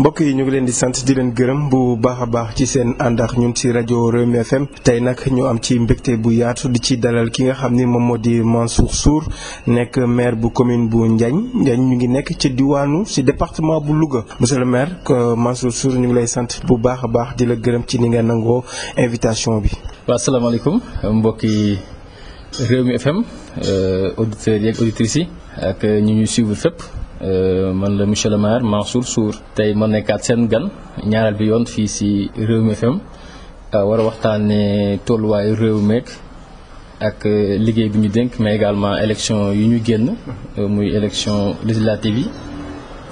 mbokk yi ñu ngi leen di sant di leen gërëm bu baax a baax ci seen ànd ak ñun ci rajo Rewmi FM tey nag ñu am ci mbégte bu yaatu di ci dalal ki nga xam ni moom moo di Mansour suur nekk maire bu commune bu njañ Ndiagne ñu ngi nekk ci diwaanu ci département bu Louga monsieur le maire euh, Mansour suur ñu ngi lay sant bu baax a baax di la gërëm ci ni nga nangoo invitation bi. waaw asalaamaaleykum mbokki Rewmi FM euh, auditeurs yeeg auditrices yi ak ñu ñuy suivre fépp. Euh, man la monsieur le maire Mansour Sour tey ma nekkaat seen gan ñaareel bi yoon fii si Rewmi fam euh, war a waxtaanee tolluwaayu réew meek ak euh, liggéey bi ñu dénk mais également élection yu ñu génn muy élection législative yi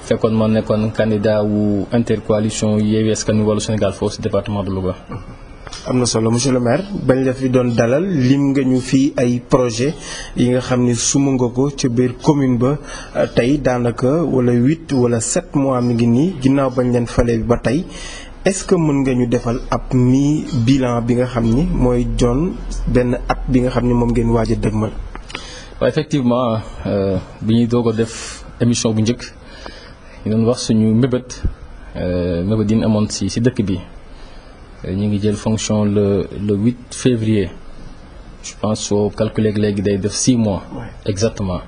fekkoon ma nekkoon candidat wu intercoalition Yewwi Askan Wi Wallu Sénégal foofu si département de Louga am na solo monsieur le maire bañ la fi doon dalal lim nga ñu fii ay projet yi nga xam ni suma nga ko ca biir commune ba euh, tey daanaka wala huit wala sept mois mi ngi nii ginnaaw bañ leen falee ba tey est-ce que mën nga ñu defal ab mi bilan bi nga xam ni mooy doon benn at bi nga xam ni moom ngeen waaj a dëgmal. waaw effectivement euh, bi ñuy doog a def émission bu njëkk ñu doon wax suñu mébét euh, mébét yi ñu amoon si si dëkk bi. ñu ngi jël fonction le le 8 février je pense soo calculer léegi day def 6 mois. exactement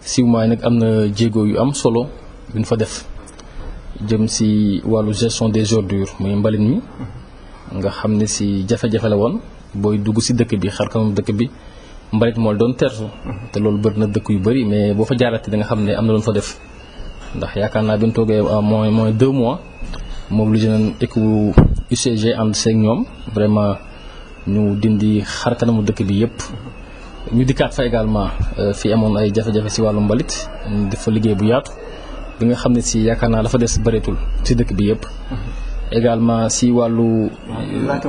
6 mois yi nag am na jéego yu am solo yu ñu fa def jëm si wàllu gestion des ordures muy mbalit mi nga xam ne si jafe-jafe la woon booy dugg si dëkk bi xar kanam dëkk bi mbalit moo doon tertu te loolu bëri na dëkk yu bëri mais boo fa jaarate da nga xam ne am na loolu fa def ndax yaakaar naa bi ñu toogee moins moins 2 mois mobilisé nañ équipe UCG ànd seeg ñoom vraiment ñu dindi xar kanamu dëkk bi yëpp. ñu dikkaat fa également euh, fi amoon ay jafe-jafe si wàllu mbalit dafa liggéey bu yaatu bi nga xam ne si yaakaar naa dafa des bëreetul ci dëkk bi yëpp. également si wàllu. laata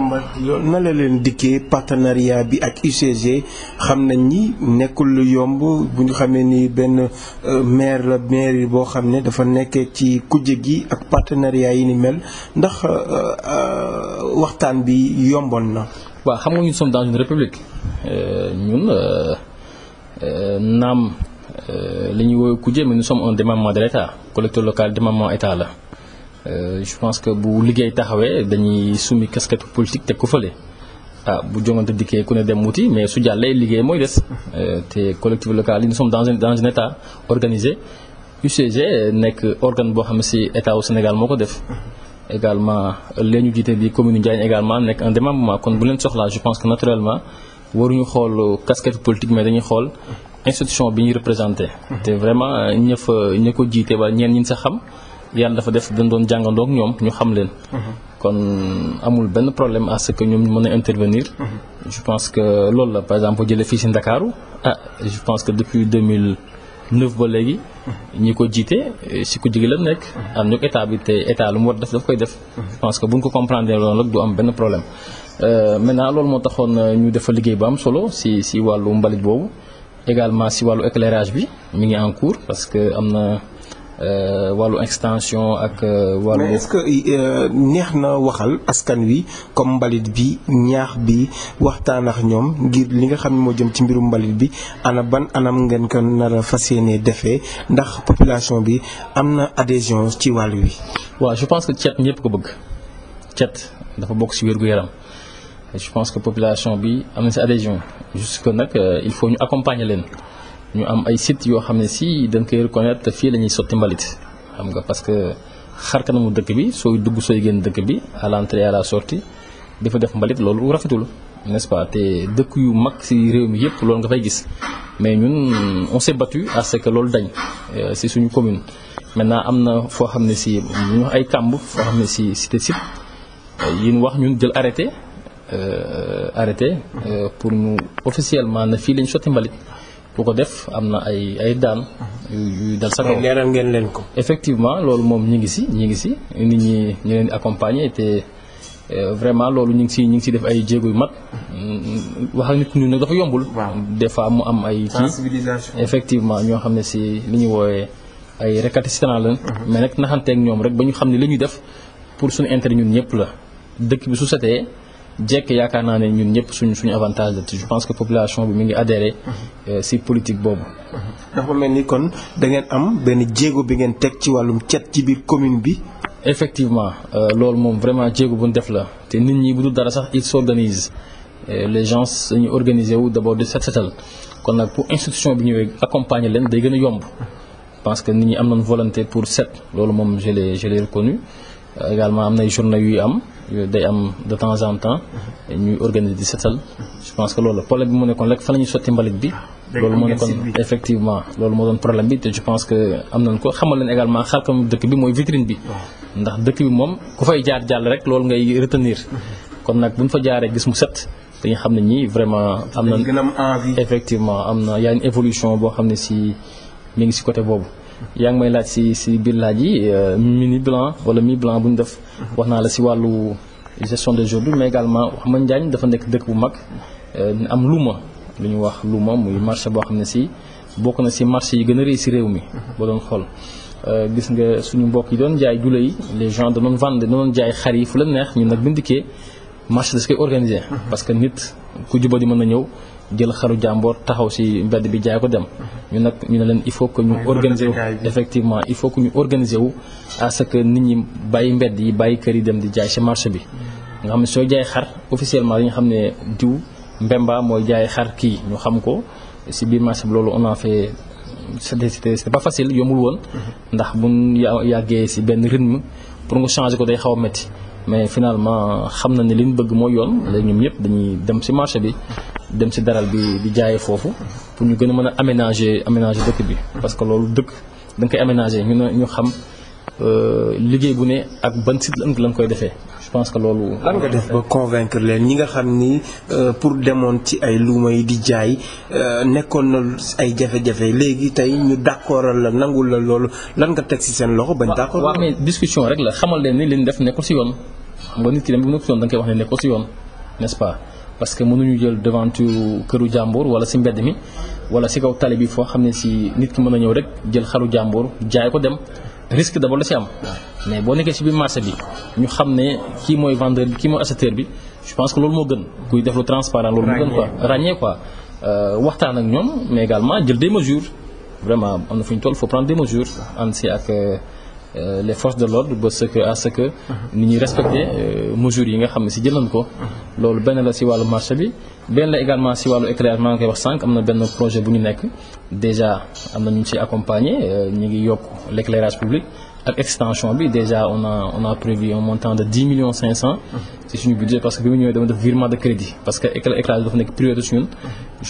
na la leen dikkee partenariat bi ak UCG xam nañ ni nekkul yomb bu ñu xamee ni benn euh, maire la maire boo xam ne dafa nekk ci kujje gi ak partenariat yi ni mel ndax euh, euh, waxtaan bi yomboon na. waa xam nga ñu sommes dans une république ñun naam li ñu woowee kujje mais nous sommes un démembrement de l'État collecteur local démembrement État la. Euh, je pense que bu liggéey taxawee dañuy summi casquette politique teg ko fële ah bu jongante dikkee ku ne dem wuti mais su jàllee liggéey mooy des euh, te collectivités locales yi dans un dans un état boo xam ne si état wu moo ko def également lee ñu jiite di commune Ndiagne également nekk un démembrement kon bu leen soxlaa je pense que naturellement waruñu xool casquette politique mais dañuy xool institution bi ñuy représenté mmh. te vraiment ña fa ko jiite wala ñeen ñin sa xam yàlla dafa def dañ doon jàngandoo ak ñoom ñu xam leen. Mhm. kon amul benn problème à ce que ñoom mën a intervenir. Mhm. je pense que loolu la par exemple boo jëlee fii si Ndakaaru ah je pense que depuis 2009 ba léegi. Mhm. ñi ko jiite si ku jigi la nekk. am ñu état bi te état lu mu war def koy def. je pense que bu ñu ko comprendre loolu rek du am benn problème euh, maintenant loolu moo taxoon euh, ñu defa liggéey ba am solo si si wàllu mbalit boobu également si wàllu éclairage bi mi ngi en cours Euh, wàllu extension ak euh, wàllu. mais euh, neex na waxal askan wi comme mbalit bi ñaax bi waxtaan ak ñoom ngir li nga xam ne moo jëm ci mbirum mbalit bi ana ban anam ngeen ko na a fas yéenee defee ndax population bi am na adhésion ci wàll wi. waaw je pense que cet ñëpp ko bëgg cet dafa bokk ci wér-gu-yaram je pense que population bi am na ci adhésion jusque nag il faut ñu accompagner leen. ñu am ay sites yoo xam ne si dañ koy reconnaître fii la ñuy sotti mbalit xam nga parce que xar kanamu dëkk bi sooy dugg sooy génn dëkk bi à l'entrée à la sorti dafa def mbalit loolu rafetul n'est-ce te dëkk yu mag ci réew mi yëpp loolu nga fay gis mais ñun on s'est battu à que loolu dañ ci euh, suñu commune maintenant am na foo xam ne ci ñu wax ay kàmb foo xam ne si site site yi ñu wax ñun jël arrêté euh, arrêté euh, pour ñu officiellement na fii lañ sotti mbalit ku ko def am na ay ay daan. yu dal sa kaw ngeen leen ko. effectivement loolu moom ñi ngi si ñi ngi si nit ñi ñu leen di accompagner te euh, vraiment loolu ñu ngi si ñu ngi si def ay jéego yu mat mm, wax ak nit ñu nag dafa yombul. des fois mu am ay. sensibilisation effectivement ñoo xam ne si li ñu wooyee ay récalcitrants leen mhm. mais nag naxanteek ñoom rek ba ñu xam ne li ñuy def pour suñu intérêt ñun ñëpp la dëkk bi su setee. jekk yaakaar naa ne ñun ñëpp suñu suñu avantage la te je pense que population bi mu ngi adhéré mhm. euh, si politique boobu. Mhm. dafa mel ni kon da ngeen am benn jéego bi ngeen teg ci wàllum cet ci biir commune bi. effectivement euh, loolu moom vraiment jéego bu ñu def la te nit ñi bu dul dara sax ils s'organisent euh, les gens dañuy organiser wu d'abord di set setal kon nag pour institution bi ñëwee accompagner leen day gën a yomb. parce que nit ñi am na volonté pour set loolu moom je l'ai je également am nay journée yuy am day am de temps en temps ñuy organiser di setal je pense que loolu problème bi mu nekkoon rek fa la ñuy sotti mbalit bi loolu moo nekkoon effectivement loolu moo doon problème bi te je pense que am nañ ko xamal leen également xarkam dëkk bi mooy vitrine bi ndax dëkk bi moom ku fay jaar jàll rek loolu ngay retenir kon nag bu buñ fa jaaree gis mu set dañu xam ne ñi vraiment am na effectivement am na yaa une évolution boo xam ne si mi ngi si côté boobu yaa ngi may laaj si si biir laaj yi euh, mini blanc wala mi blanc bu ñu def. wax naa la si wàllu gestion des eaux bi mais également wax ma Njaañ dafa nekk dëkk bu mag euh, am luuma lu ñu wax luuma muy marché boo xam ne si bokk na si marché yi gën a rëy si réew mi. ba doon xool euh, gis nga suñu mbokk yi doon jaay jula yi les gens danoon vendre danoon jaay xar yi fu la neex ñun nag bindikee marché da koy organiser. Mmh. parce que nit ku juba di mën a ñëw. jël xaru jàmboor taxaw si mbedd bi jaay ko dem ñu nag ñu ne leen il faut que ñu organiser wu effectivement il faut que ñu organiser wu à que nit ñi bàyyi mbedd yi bàyyi kër yi dem di jaay si marché bi nga xam ne soo jaay xar officiellement dañu xam ne diw Mbemba mooy jaay xar kii ñu xam ko si biir marché bi loolu on a fait c'était pas facile yombul woon ndax buñ yàggee si benn rythme pour nga changer ko day xaw a métti mais finalement xam na ne li ñu yoon léegi ñoom ñëpp dañuy dem si marché bi dem si daral bi di jaayee foofu pour ñu gën a mën a aménager aménager dëkk bi parce que loolu dëkk da nga koy aménager ñu ne ñu xam euh, liggéey bu ne ak ban site la lañ koy defee je que loolu. lan nga def ba convaincre leen ñi nga xam ni euh, pour demoon ci ay luuma yi di jaay euh, nekkoon na ay jafe-jafe léegi tey ñu d'accordal la nangul la loolu lan nga teg si seen loxo bañ. d'accord waaw mais discussion rek la xamal leen ni li ñu def nekkul si yoon xam nga nit ki dem bu nekkul si yoon da nga koy wax ne nekkul ci yoon n'est-ce pas. parce que mënuñu jël devantu këru jàmboor wala si mbedd mi wala si kaw tali bi foo xam ne si nit ki mën a ñëw rek jël xaru jàmbur jaay ko dem risque d'abord la si am mais boo nekkee si biir marché bi ñu xam ne ki mooy vendeur bi kii mooy acheteur bi je que loolu moo gën kuy def lu transparent loolu moo gën quoi ràññee quoi euh, waxtaan ak ñoom mais également jël des mesures vraiment am na fu ñu toll faut prendre des mesures en si ak euh, Euh, les forces de l'ordre ba ce que ni ce que uh-huh. nit ñi euh, yi nga xam ne si jël ko uh-huh. loolu benn la si wàllu marché bi benn la également si wàllu éclairage maa ngi koy wax sànq am na benn projet bu ñu nekk déjà am na ñu ci accompagner euh, ñu ngi yokk l'éclairage public ak extension bi déjà on a on a prévu un montant de dix cinq cent uh-huh. ci suñu budget parce que bi mu ñëwee dama def virement de crédit parce que éclairage dafa nekk priorité si ñun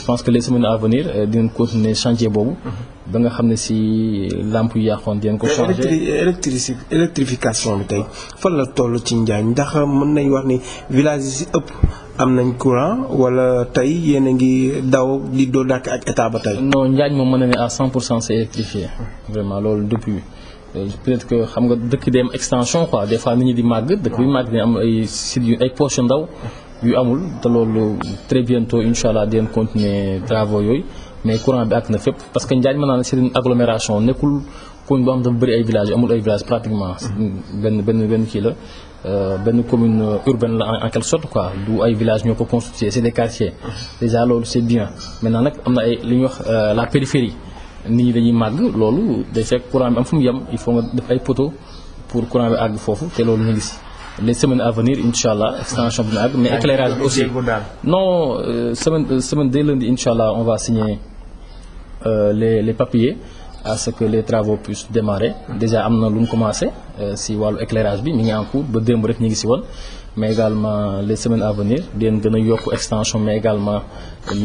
pense que les semaines à venir dinañ continuer chantier boobu ba nga xam ne si làmp yu yàqoon di ko euh, changé électrici bi tey fan la toll ci Njaañ ndax mën nañ wax ni village yi si ëpp am nañ courant wala tey yéen a ngi daw di doo dàkk ak état ba tey. non Njaañ moom mën na ne à 100 pour cent c'est électrifié vraiment loolu depuis. Euh, peut-être que xam nga dëkk day am extension des fois nit ñi di màgg dëkk bi màgg dina am ay sites yu ay poches yu ndaw yu amul te loolu très bientôt incha allah dinañ continuer travaux yooyu. mais courant bi àgg na fépp parce que Njaañ mën naa ne c'est une agglomération nekkul commune boo xam dafa bëri ay village amul ay villages pratiquement benn benn benn kii la euh, benn commune euh, urbaine la en quelque sorte quoi du ay village ñoo ko constitué c'est des quartiers déjà loolu c'est bien maintenant nag am na ay li ñuy wax euh, la périphérie nit ñi dañuy màgg loolu day fekk courant bi am fu mu yem il faut nga def ay poteaux pour courant bi àgg foofu te loolu ñu ngi si les semaines à venir incha allah extension bi na àgg mais éclairage bi non semaine semaine dès incha allah on va signer Euh, les les papiers à ce que les travaux puissent démarrer déjà am na lu mu commencé euh, si wàllu éclairage bi mi ngi en cours ba démb rek ñu ngi si woon mais également le semaines à venir di leen gën a yokk extension mais également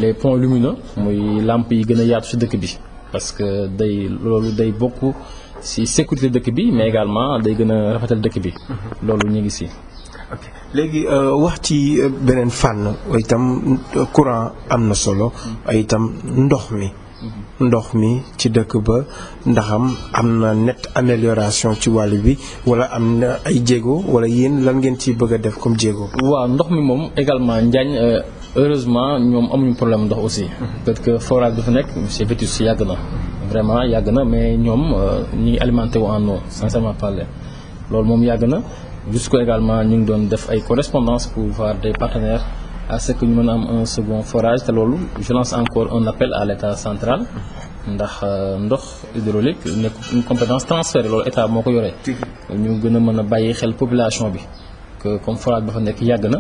les points lumineux muy làmp yi gën a yaatu si dëkk bi parce que day loolu day bokk si sécurité dëkk bi mais également day gën a rafetal dëkk bi mhm. loolu ñu ngi si ok léegi euh, wax ci beneen fànn itam courant am na solo mhm. itam ndox mi ndox mi ci dëkk ba ndaxam am na net amélioration ci wàll bi wala am na ay jéego wala yéen lan ngeen ci bëgg a def comme jéego. waaw ndox mi moom également Njaañ euh, heureusement ñoom amuñu problème ndox aussi. Mhm. parce que forage bi fa nekk c'est vétus si yàgg na. vraiment yàgg na mais ñoom euh, ñu ngi alimenté wu en eau sincèrement parler loolu moom yàgg na jusqu'à également ñu ngi doon def ay correspondance pour voir des partenaires. à ce que ñu mën a am un second forage te loolu je lance encore un appel à l' état central ndax euh, ndox hydraulique nekk une compétence transférée loolu état moo ko yoree ñu gën a mën a bàyyi xel population bi que comme forage ba fa nekk yàgg na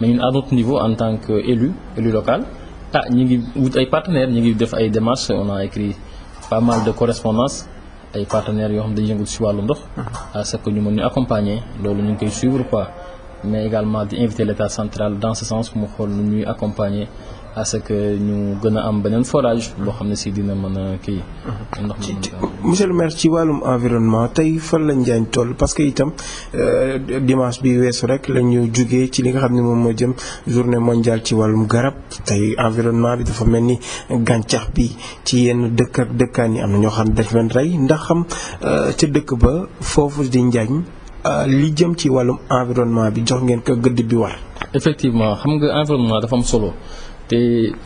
mais ñun à notre niveau en tant que élu élu local ah ñi ngi wut ay partenaires ñi ngi def ay démarches on a écrit pas mal de correspondance ay partenaires yoo xam dañuy yëngu si wàllu ndox à que ñu mën ñu accompagner loolu ñu ngi koy suivre quoi mais également di inviter l' état central dans ce mu xool nu ñuy accompagner à ce que ñu gën a am beneen forage boo xam ne si dina mën a kii. Mhm. ndox monsieur le maire ci wàllum environnement tey fan lañ jaañ toll parce que itam euh, dimanche bi weesu rek la ñu jugee ci li nga xam ne moom moo jëm journée mondiale ci wàllum garab tey environnement bi dafa mel ni gàncax bi ci yenn dëkk ak dëkkaan yi am na ñoo xam ne dafa leen rey ndax xam euh, ca dëkk ba foofu di njaañ. Euh, li jëm ci wàllum environnement bi jox ngeen ko gëdd bi war. effectivement xam nga environnement dafa am solo te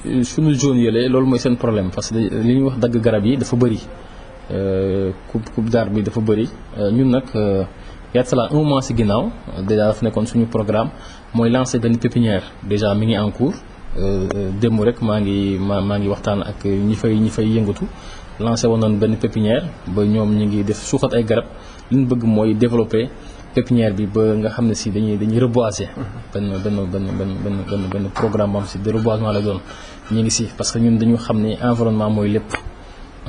euh, suñu zone yële loolu mooy seen problème parce que li ñuy wax dagg garab yi dafa bëri euh, coupe coupe d'arbre bi dafa bëri ñun nag yaatala un mois ci ginnaaw déjà dafa nekkoon suñu programme mooy lancer benn pépinière déjà mi ngi en cours démb rek maa ngi maa maa ngi waxtaan ak ñi fay ñi fay yëngatu lancer woon nañ benn pépinière ba ñoom ñu ngi def suuxat ay garab. li ñu bëgg mooy développer pépinière bi ba nga xam ne si dañuy dañuy reboiser. Mhm. benn benn benn benn benn benn programme boo xam si de reboisement la doon ñu ngi si parce que ñun dañu xam ne environnement mooy lépp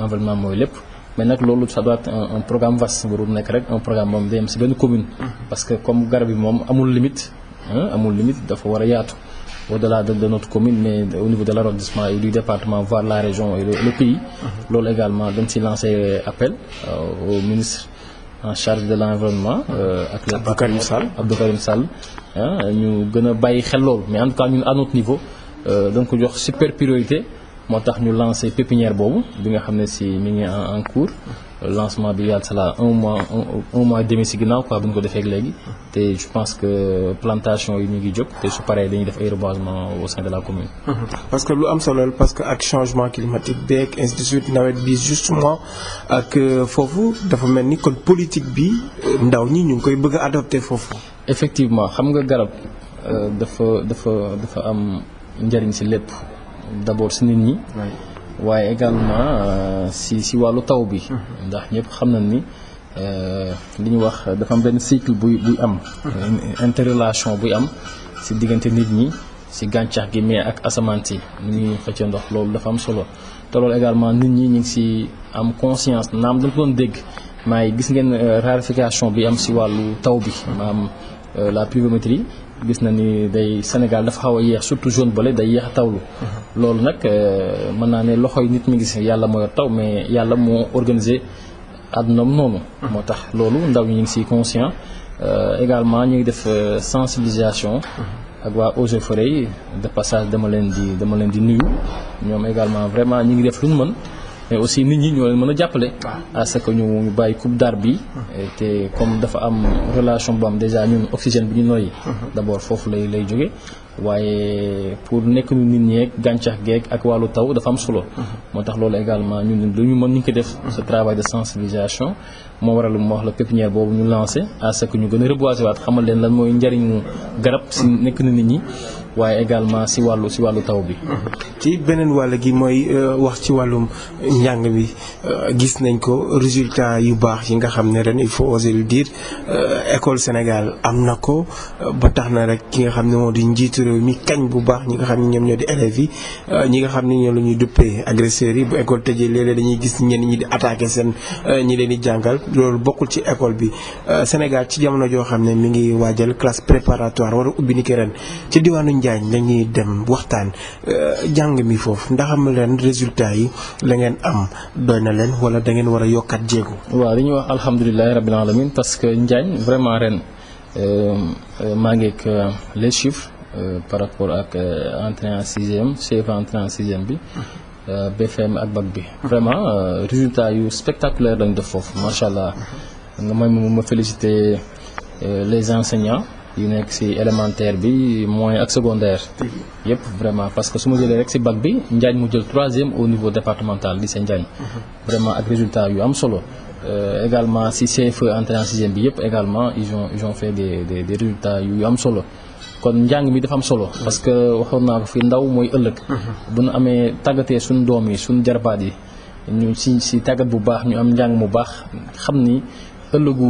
environnement mooy lépp. mais nag loolu ça doit être un programme vaste warul nekk rek un programme moom day am commune. Mhm. parce que comme garab yi moom amul limite amul limite dafa war a yaatu au-delà de de notre commune mais au niveau de l'arrondissement et du département voire la région et le pays. Mhm. loolu également dañ si lancer appel euh, au ministre. en charge de l'environnement euh, ak Abdou Karim Sall Abdou Karim Sall ñu gën a bàyyi xel loolu mais en tout cas ñun niveau euh, dañ ko jox super priorité moo tax ñu lancé pépinière boobu bi nga xam ne si mi ngi en cours lancement bi yàlla cela un mois un mois demi si ginnaaw quoi bu ko defee léegi te je pense que plantation yi ñu ngi jóg te su paree dañuy def ay reboisement au sein de la commune. Mm-hmm. parce que lu am solo parce que ak changement climatique beeg ainsi de nawet bi justement ak euh, foofu dafa mel ni kon politique bi euh, ndaw ñi ñu ngi koy bëgg a foofu. effectivement xam nga garab euh, dafa dafa dafa am njëriñ si lépp d'abord si nit ñi. waaye également euh, si si wàllu taw bi. ndax ñëpp xam na ni euh, li ñu wax dafa am benn cycle buy buy am. interrelation buy am si diggante nit ñi si gàncax gi mais ak asamaan si ni ñuy xëccee ndox loolu dafa am solo te loolu également nit ñi ñu ngi si am conscience naam dañ ko doon dégg maay gis ngeen euh, raréfaction bi am si wàllu taw bi maanaam la pluviométrie. gis na ni day Sénégal dafa xaw a yéex surtout zone bële day yéex a tawlu. Mhm. loolu nag euh, mën naa ne loxo yi nit mi gis yàlla mooy taw mais yàlla moo organisé àddunaam noonu. Mhm. moo tax loolu ndaw ñu ngi si conscient euh, également ñu ngi def euh, sensibilisation. Mhm. ak waa eaux et forêts yi de passage dama leen di dama leen di nuyu ñoom également vraiment ñu ngi def lu ñu mën. mais aussi nit ñi ñoo leen mën a jàppale. à ce que ñu bàyyi coupe d'arbre bi. te comme dafa am relation bu am déjà ñun oxygène bi ñu noyyi. d'abord foofu lay lay jóge waaye pour nekk nu nit ñeeg gàncax geeg ak wàllu taw dafa am solo. moo tax loolu également ñu lu ñu mën ñu ko def. ce travail de sensibilisation moo waral mu wax la pépinière boobu ñu lancé à ce ñu gën a reboiser waat xamal leen lan mooy njariñu garab si nekk na nit ñi. waaye également si wàllu si wàllu taw bi. ci beneen wàll gi mooy euh, wax ci wàllum njàng bi euh, gis nañ ko résultat yu baax yi nga xam ne ren il faut oser le dire euh, école Sénégal am na ko ba tax na rek ki nga xam ne moo di njiitu réew mi kañ bu baax ñi nga xam ne ñoom ñoo di élèves yi ñi nga xam ne ñoom la ñuy duppee agresseurs yi bu école tëjee léeg dañuy gis ñenn ñi di attaquer seen ñi leen di jàngal loolu bokkul ci école bi Sénégal ci jamono joo xam ne mi ngi waajal classe préparatoire war ubbi ni ki Diagne la dem waxtaan euh, jàng mi foofu ndaxam am leen résultat yi la ngeen am doy na leen wala da ngeen war a yokkaat jéego. waaw li ñuy wax alhamdulilah rabbil alamin parce que Diagne vraiment ren euh, euh, maa ngi ak les chiffres par rapport ak entrée en sixième CFA entrée en sixième bi. BFM mm-hmm. ak bac bi. vraiment résultat yu spectaculaire lañ def foofu macha allah mm-hmm. nga may ma féliciter les enseignants. yu nekk ci élémentaire bi moyen ak secondaire mhm. yëpp vraiment parce que su ma jëlee rek ci bac bi Njaañ mu jël troisième au niveau départemental lycée Njaañ mhm. vraiment ak résultat yu am solo Euh, également si CFE entrée bi yëpp également ils ont ils ont fait des des, yu am solo kon njàng mi dafa am solo. Mhm. parce que waxoon naa ko fi ndaw mooy ëllëg. bu nu amee tàggatee suñ doom yi suñ jarbaat yi ñu si si tàggat bu baax ñu am njàng mu baax xam ni ëllëgu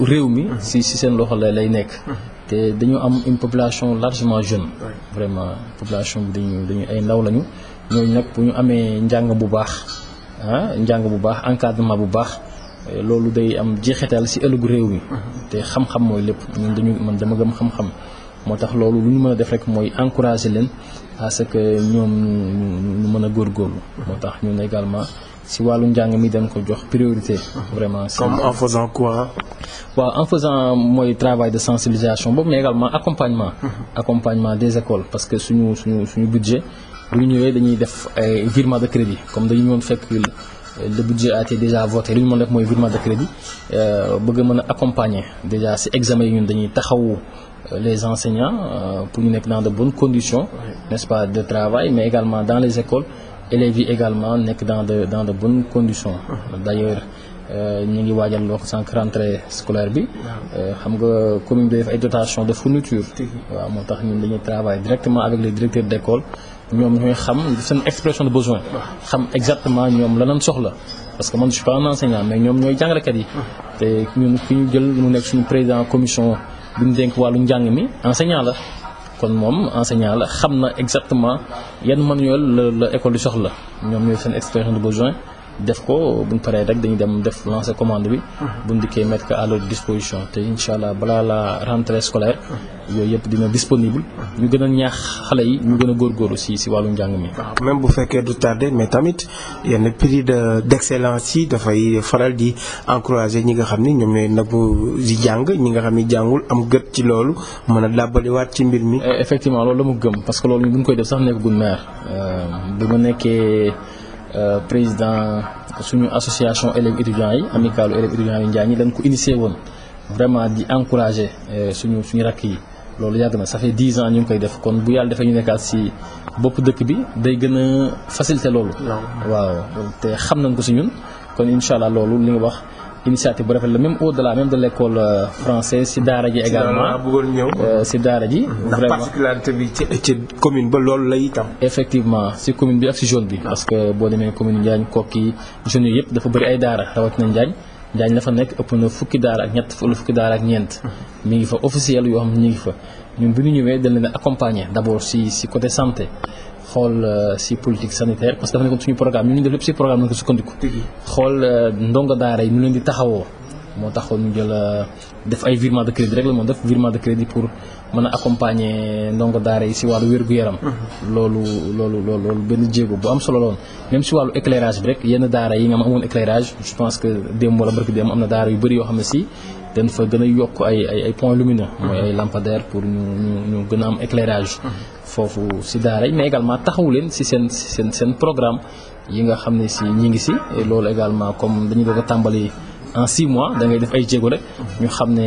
réew mi. si si seen loxo la lay nekk. te dañu am une population largement jeune vraiment population bi dañu dañu ay ndaw lañu ñooñu nag bu ñu amee njàng bu baax ah njàng bu baax encadrement bu baax eh, loolu day am jeexital ci ëllëgu réew mi mhm. te xam-xam mooy lépp ñun dañu man dama gëm xam-xam moo tax loolu lu ñu mën a def rek mooy encourager leen à que ñoom ñu mën a góorgóorlu mhm. moo tax ñun également si wàllu njàng mi dañ ko jox priorité. vraiment comme en faisant quoi. waaw en faisant mooy travail de sensibilisation boobu mais également accompagnement. Mhm. accompagnement des écoles parce que suñu suñu suñu budget bu ñu ñëwee dañuy def ay de crédit comme dañu ñëwoon fekk. le budget a été déjà voté li ñu mën def mooy virement de crédit euh, bëgg mën a accompagner déjà si examen yi ñun dañuy taxawu euh, les enseignants euh, pour ñu nekk dans de bonnes condition n'est-ce pas de travail mais dans les écoles élèves yi également nekk dans de dans de bonnes conditions d'ailleurs euh, ñu ngi waajal loo sànq rentrée scolaire bi euh, xam nga commune bi def ay dotation de fourniture waaw moo tax ñun dañuy travailler directement avec les directeurs d'école ñoom ñooy xam seen expression de besoin xam exactement ñoom la lañ soxla parce que man je suis pas un mais ñoom ñooy jàngalekat yi te ki ñu jël mu nekk suñu président commission bi ñu dénk wàllu njàng mi enseignant la kon moom enseignant la xam na exactement yan manuel la la école di soxla ñoom ñooy seen expression de besoin def ko buñ paree rek dañu dem def lancer commande bi buñ dikkee mettre ko à disposition te incha allah balaa la rentrée scolaire yooyu yëpp dina disponible ñu gën a ñaax xale yi ñu gën a góorgóorlu si si wàllu njàng mi même bu fekkee du tardé mais tamit yenn prix de d'excellence yi dafay faral di encourager ñi nga xam ni ñoom ñooy nabu di jàng ñi nga xam ni jàngul am gët ci loolu mën a dàbbaliwaat ci mbir mi e, effectivement loolu la mu gëm parce que loolu ñu koy def sax nekk Euh, président suñu association élèves étudiants yi amicalu élèves étudiants yi Njaañ ñi dañ ko initié woon vraiment di encourager euh, suñu suñu rakk yi loolu yàgg na ça fait ans ñu ngi koy def kon bu yàlla defee ñu nekkaat si bopp dëkk bi day gën a faciliter loolu waaw te xam nañ ko si ñun kon incha allah loolu li nga wax initiative bu rafet la même au delà même de l' école euh, française si daara ji. également si euh, daara ji. ndax ci commune ba loolu lay itam. si commune bi ak si zone bi. parce que boo demee commune Njaañ Kokki zone yooyu yëpp dafa bëri ay daara rawatina Njaañ. Njaañ la fa nekk ëpp na fukki daara ak ñett wala fukki daara ak ñeent. mi ngi fa officiel yoo xam ne ñu ngi fa ñun bi ñu ñëwee dañ leen accompagner d' abord si si santé. xool eh, si politique sanitaire parce que dafa nekkoon suñu programme ñu ñu def lépp si programme lañ ko sukkandiku xool eh, ndongo daara yi ñu leen di taxawoo moo taxoon ñu jël eh, def ay virement de crédit rek la moom def virement de crédit pour mën a accompagner ndongo daara yi si wàllu wér-gu-yaram mhm. loolu loolu loolu benn jéego bu am solo loon même si wàllu éclairage bi rek yenn daara yi nga am amoon éclairage je pense que démb wala barki démb am na daara yu bëri yoo xam ne si dañ fa gën a yokk ay ay ay points lumineux pour ñu ñu ñu am éclairage mhm. foofu si daara yi mais également taxawu leen si seen seen seen programme yi nga xam ne si ñi ngi si loolu également comme dañu doog a tàmbali en six mois da def ay jéego rek ñu xam ne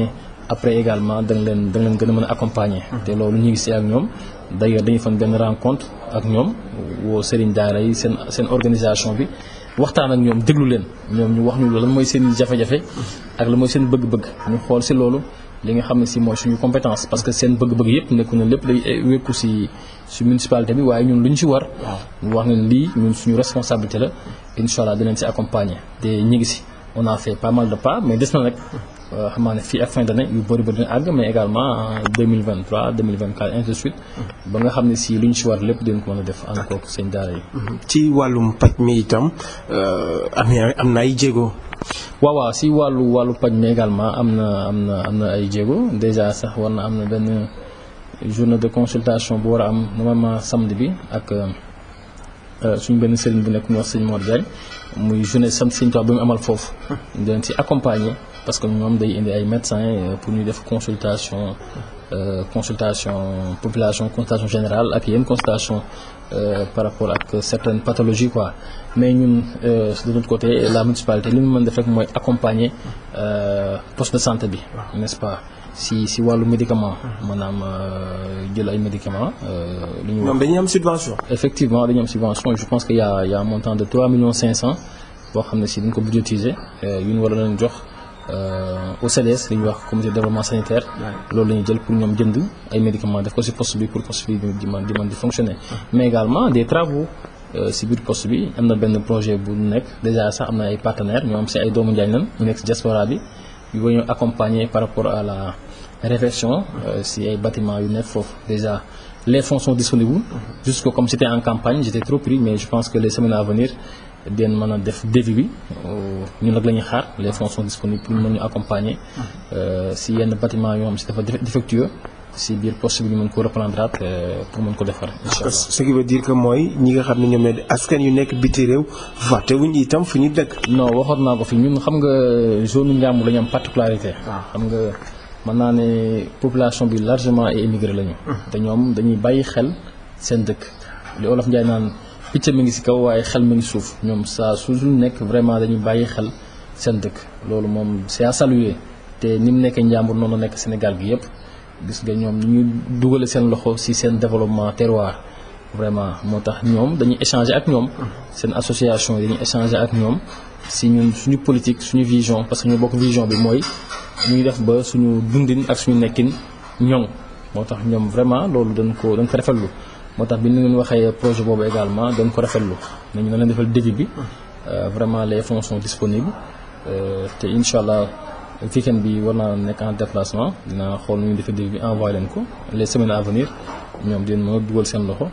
après également da leen da leen gën a mën a accompagner te loolu ñu ngi si ak ñoom d'ailleurs dañu fan benn rencontre ak ñoom woo sëriñ daara yi seen seen organisation bi waxtaan ak ñoom déglu leen ñoom ñu wax ñu lan mooy seen jafe-jafe ak la mooy seen bëgg-bëgg ñu xool si loolu li nga xam ne si mooy suñu compétence parce que seen bëgg-bëgg yëpp nekku na lépp day wékku si municipalité bi waaye ñun lu ñu si war wax ne lii ñun suñu responsabilité la incha allah dinañ si accompagner te ñu ngi si on a fait pas mal de pas mais des na nag euh, xam naa ne fii ak fin d'année yu bëri bëri dina àgg mais également 2023 2024 ainsi de suite mm-hmm. ba nga xam ne si lu ñu si war lépp dinañ ko mën a def encore seen daara yi mm-hmm. ci wàllum paj mi itam euh, am na ay jéego waawaa si wàllu wàllu paj mi également am na am na am na ay jéego déjà sax war na am na benn journée de consultation bu war a am normalement samedi bi ak euh, euh, suñ benn sëriñ bu nekk wax sëñ Mor Diagne muy journée sam sëñ Tuubaa bi mu amal foofu ñu leen si accompagner parce que ñoom day indi ay médecins euh, pour ñuy def consultation consultation population consultation général ak yenn consultation Euh, par rapport ak certaines pathologies quoi mais ñun euh, de notre côté la municipalité li mu mën def rek mooy accompagner euh, poste de santé bi nest pas si si wàllu médicament maanaam jël ay médicament lu ñu ñoom dañuy am subvention effectivement dañuy am subvention je pense que y a y a un montant de 3 millions 500 boo xam ne si dañ ko budgétiser yu ñu war a leen jox Euh, au CDS li ñuy wax comité de développement sanitaire. loolu la jël pour ñoom jënd ay médicaments def ko ci poste bi pour post bi di mën di mën di fonctionner. mais également des travaux euh, ci biir post bi am na benn projet bu nekk déjà sax am na ay partenaires ñoo am ci ay doomu Njaañ lan ñu nekk ci diaspora bi yu ñu accompagner par rapport à la réflexion si euh, ay bâtiments yu nekk foofu déjà. les fonds sont disponibles. Mm-hmm. Jusqu'au comme c'était en campagne, j'étais trop pris, mais que les semaines den mën a def devis bi euh, ñun nag la ñuy xaar les fonds sont disponibles pour mën euh, si yenn bâtiment yoo xam si dafa défectueux si biir poste bi ko reprendre euh, pour mën ko defar incha allah ce qui veut dire que mooy ñi nga xam ne ñoom askan yu nekk biti réew fàttewuñ itam fu ñu dëkk non waxoon naa ko fi ñun xam nga zone Njàmbur la ñu am particularité ah. xam nga man naa ne population bi largement émigré la ñu te ñoom dañuy bàyyi xel seen dëkk li olof Njaay naan picc mi ngi si kaw waaye xel ma ngi suuf ñoom saa su nekk vraiment dañuy bàyyi xel seen dëkk loolu moom si à saluer te ni mu nekkee njàmbur noonu nekk Sénégal gi yëpp gis nga ñoom ñu dugale seen loxo si seen développement terroir vraiment moo tax ñoom dañuy échanger ak ñoom seen association yi dañuy échanger ak ñoom si ñun suñu politique suñu vision parce que ñu bokk vision bi mooy ñu def ba suñu dundin ak suñu nekkin ñoŋ moo tax ñoom vraiment loolu dañ ko dañ ko rafetlu moo tax bi ni leen waxee projet boobu également dañ ko rafetlu ñu na leen defal devis bi euh, vraiment les fonds sont disponibles euh, te incha allah weekend bi war naa nekk en déplacement dinaa xool nu ñu defee devis bi envoyé leen ko les semaines à venir ñoom dinañ moo dugal seen loxo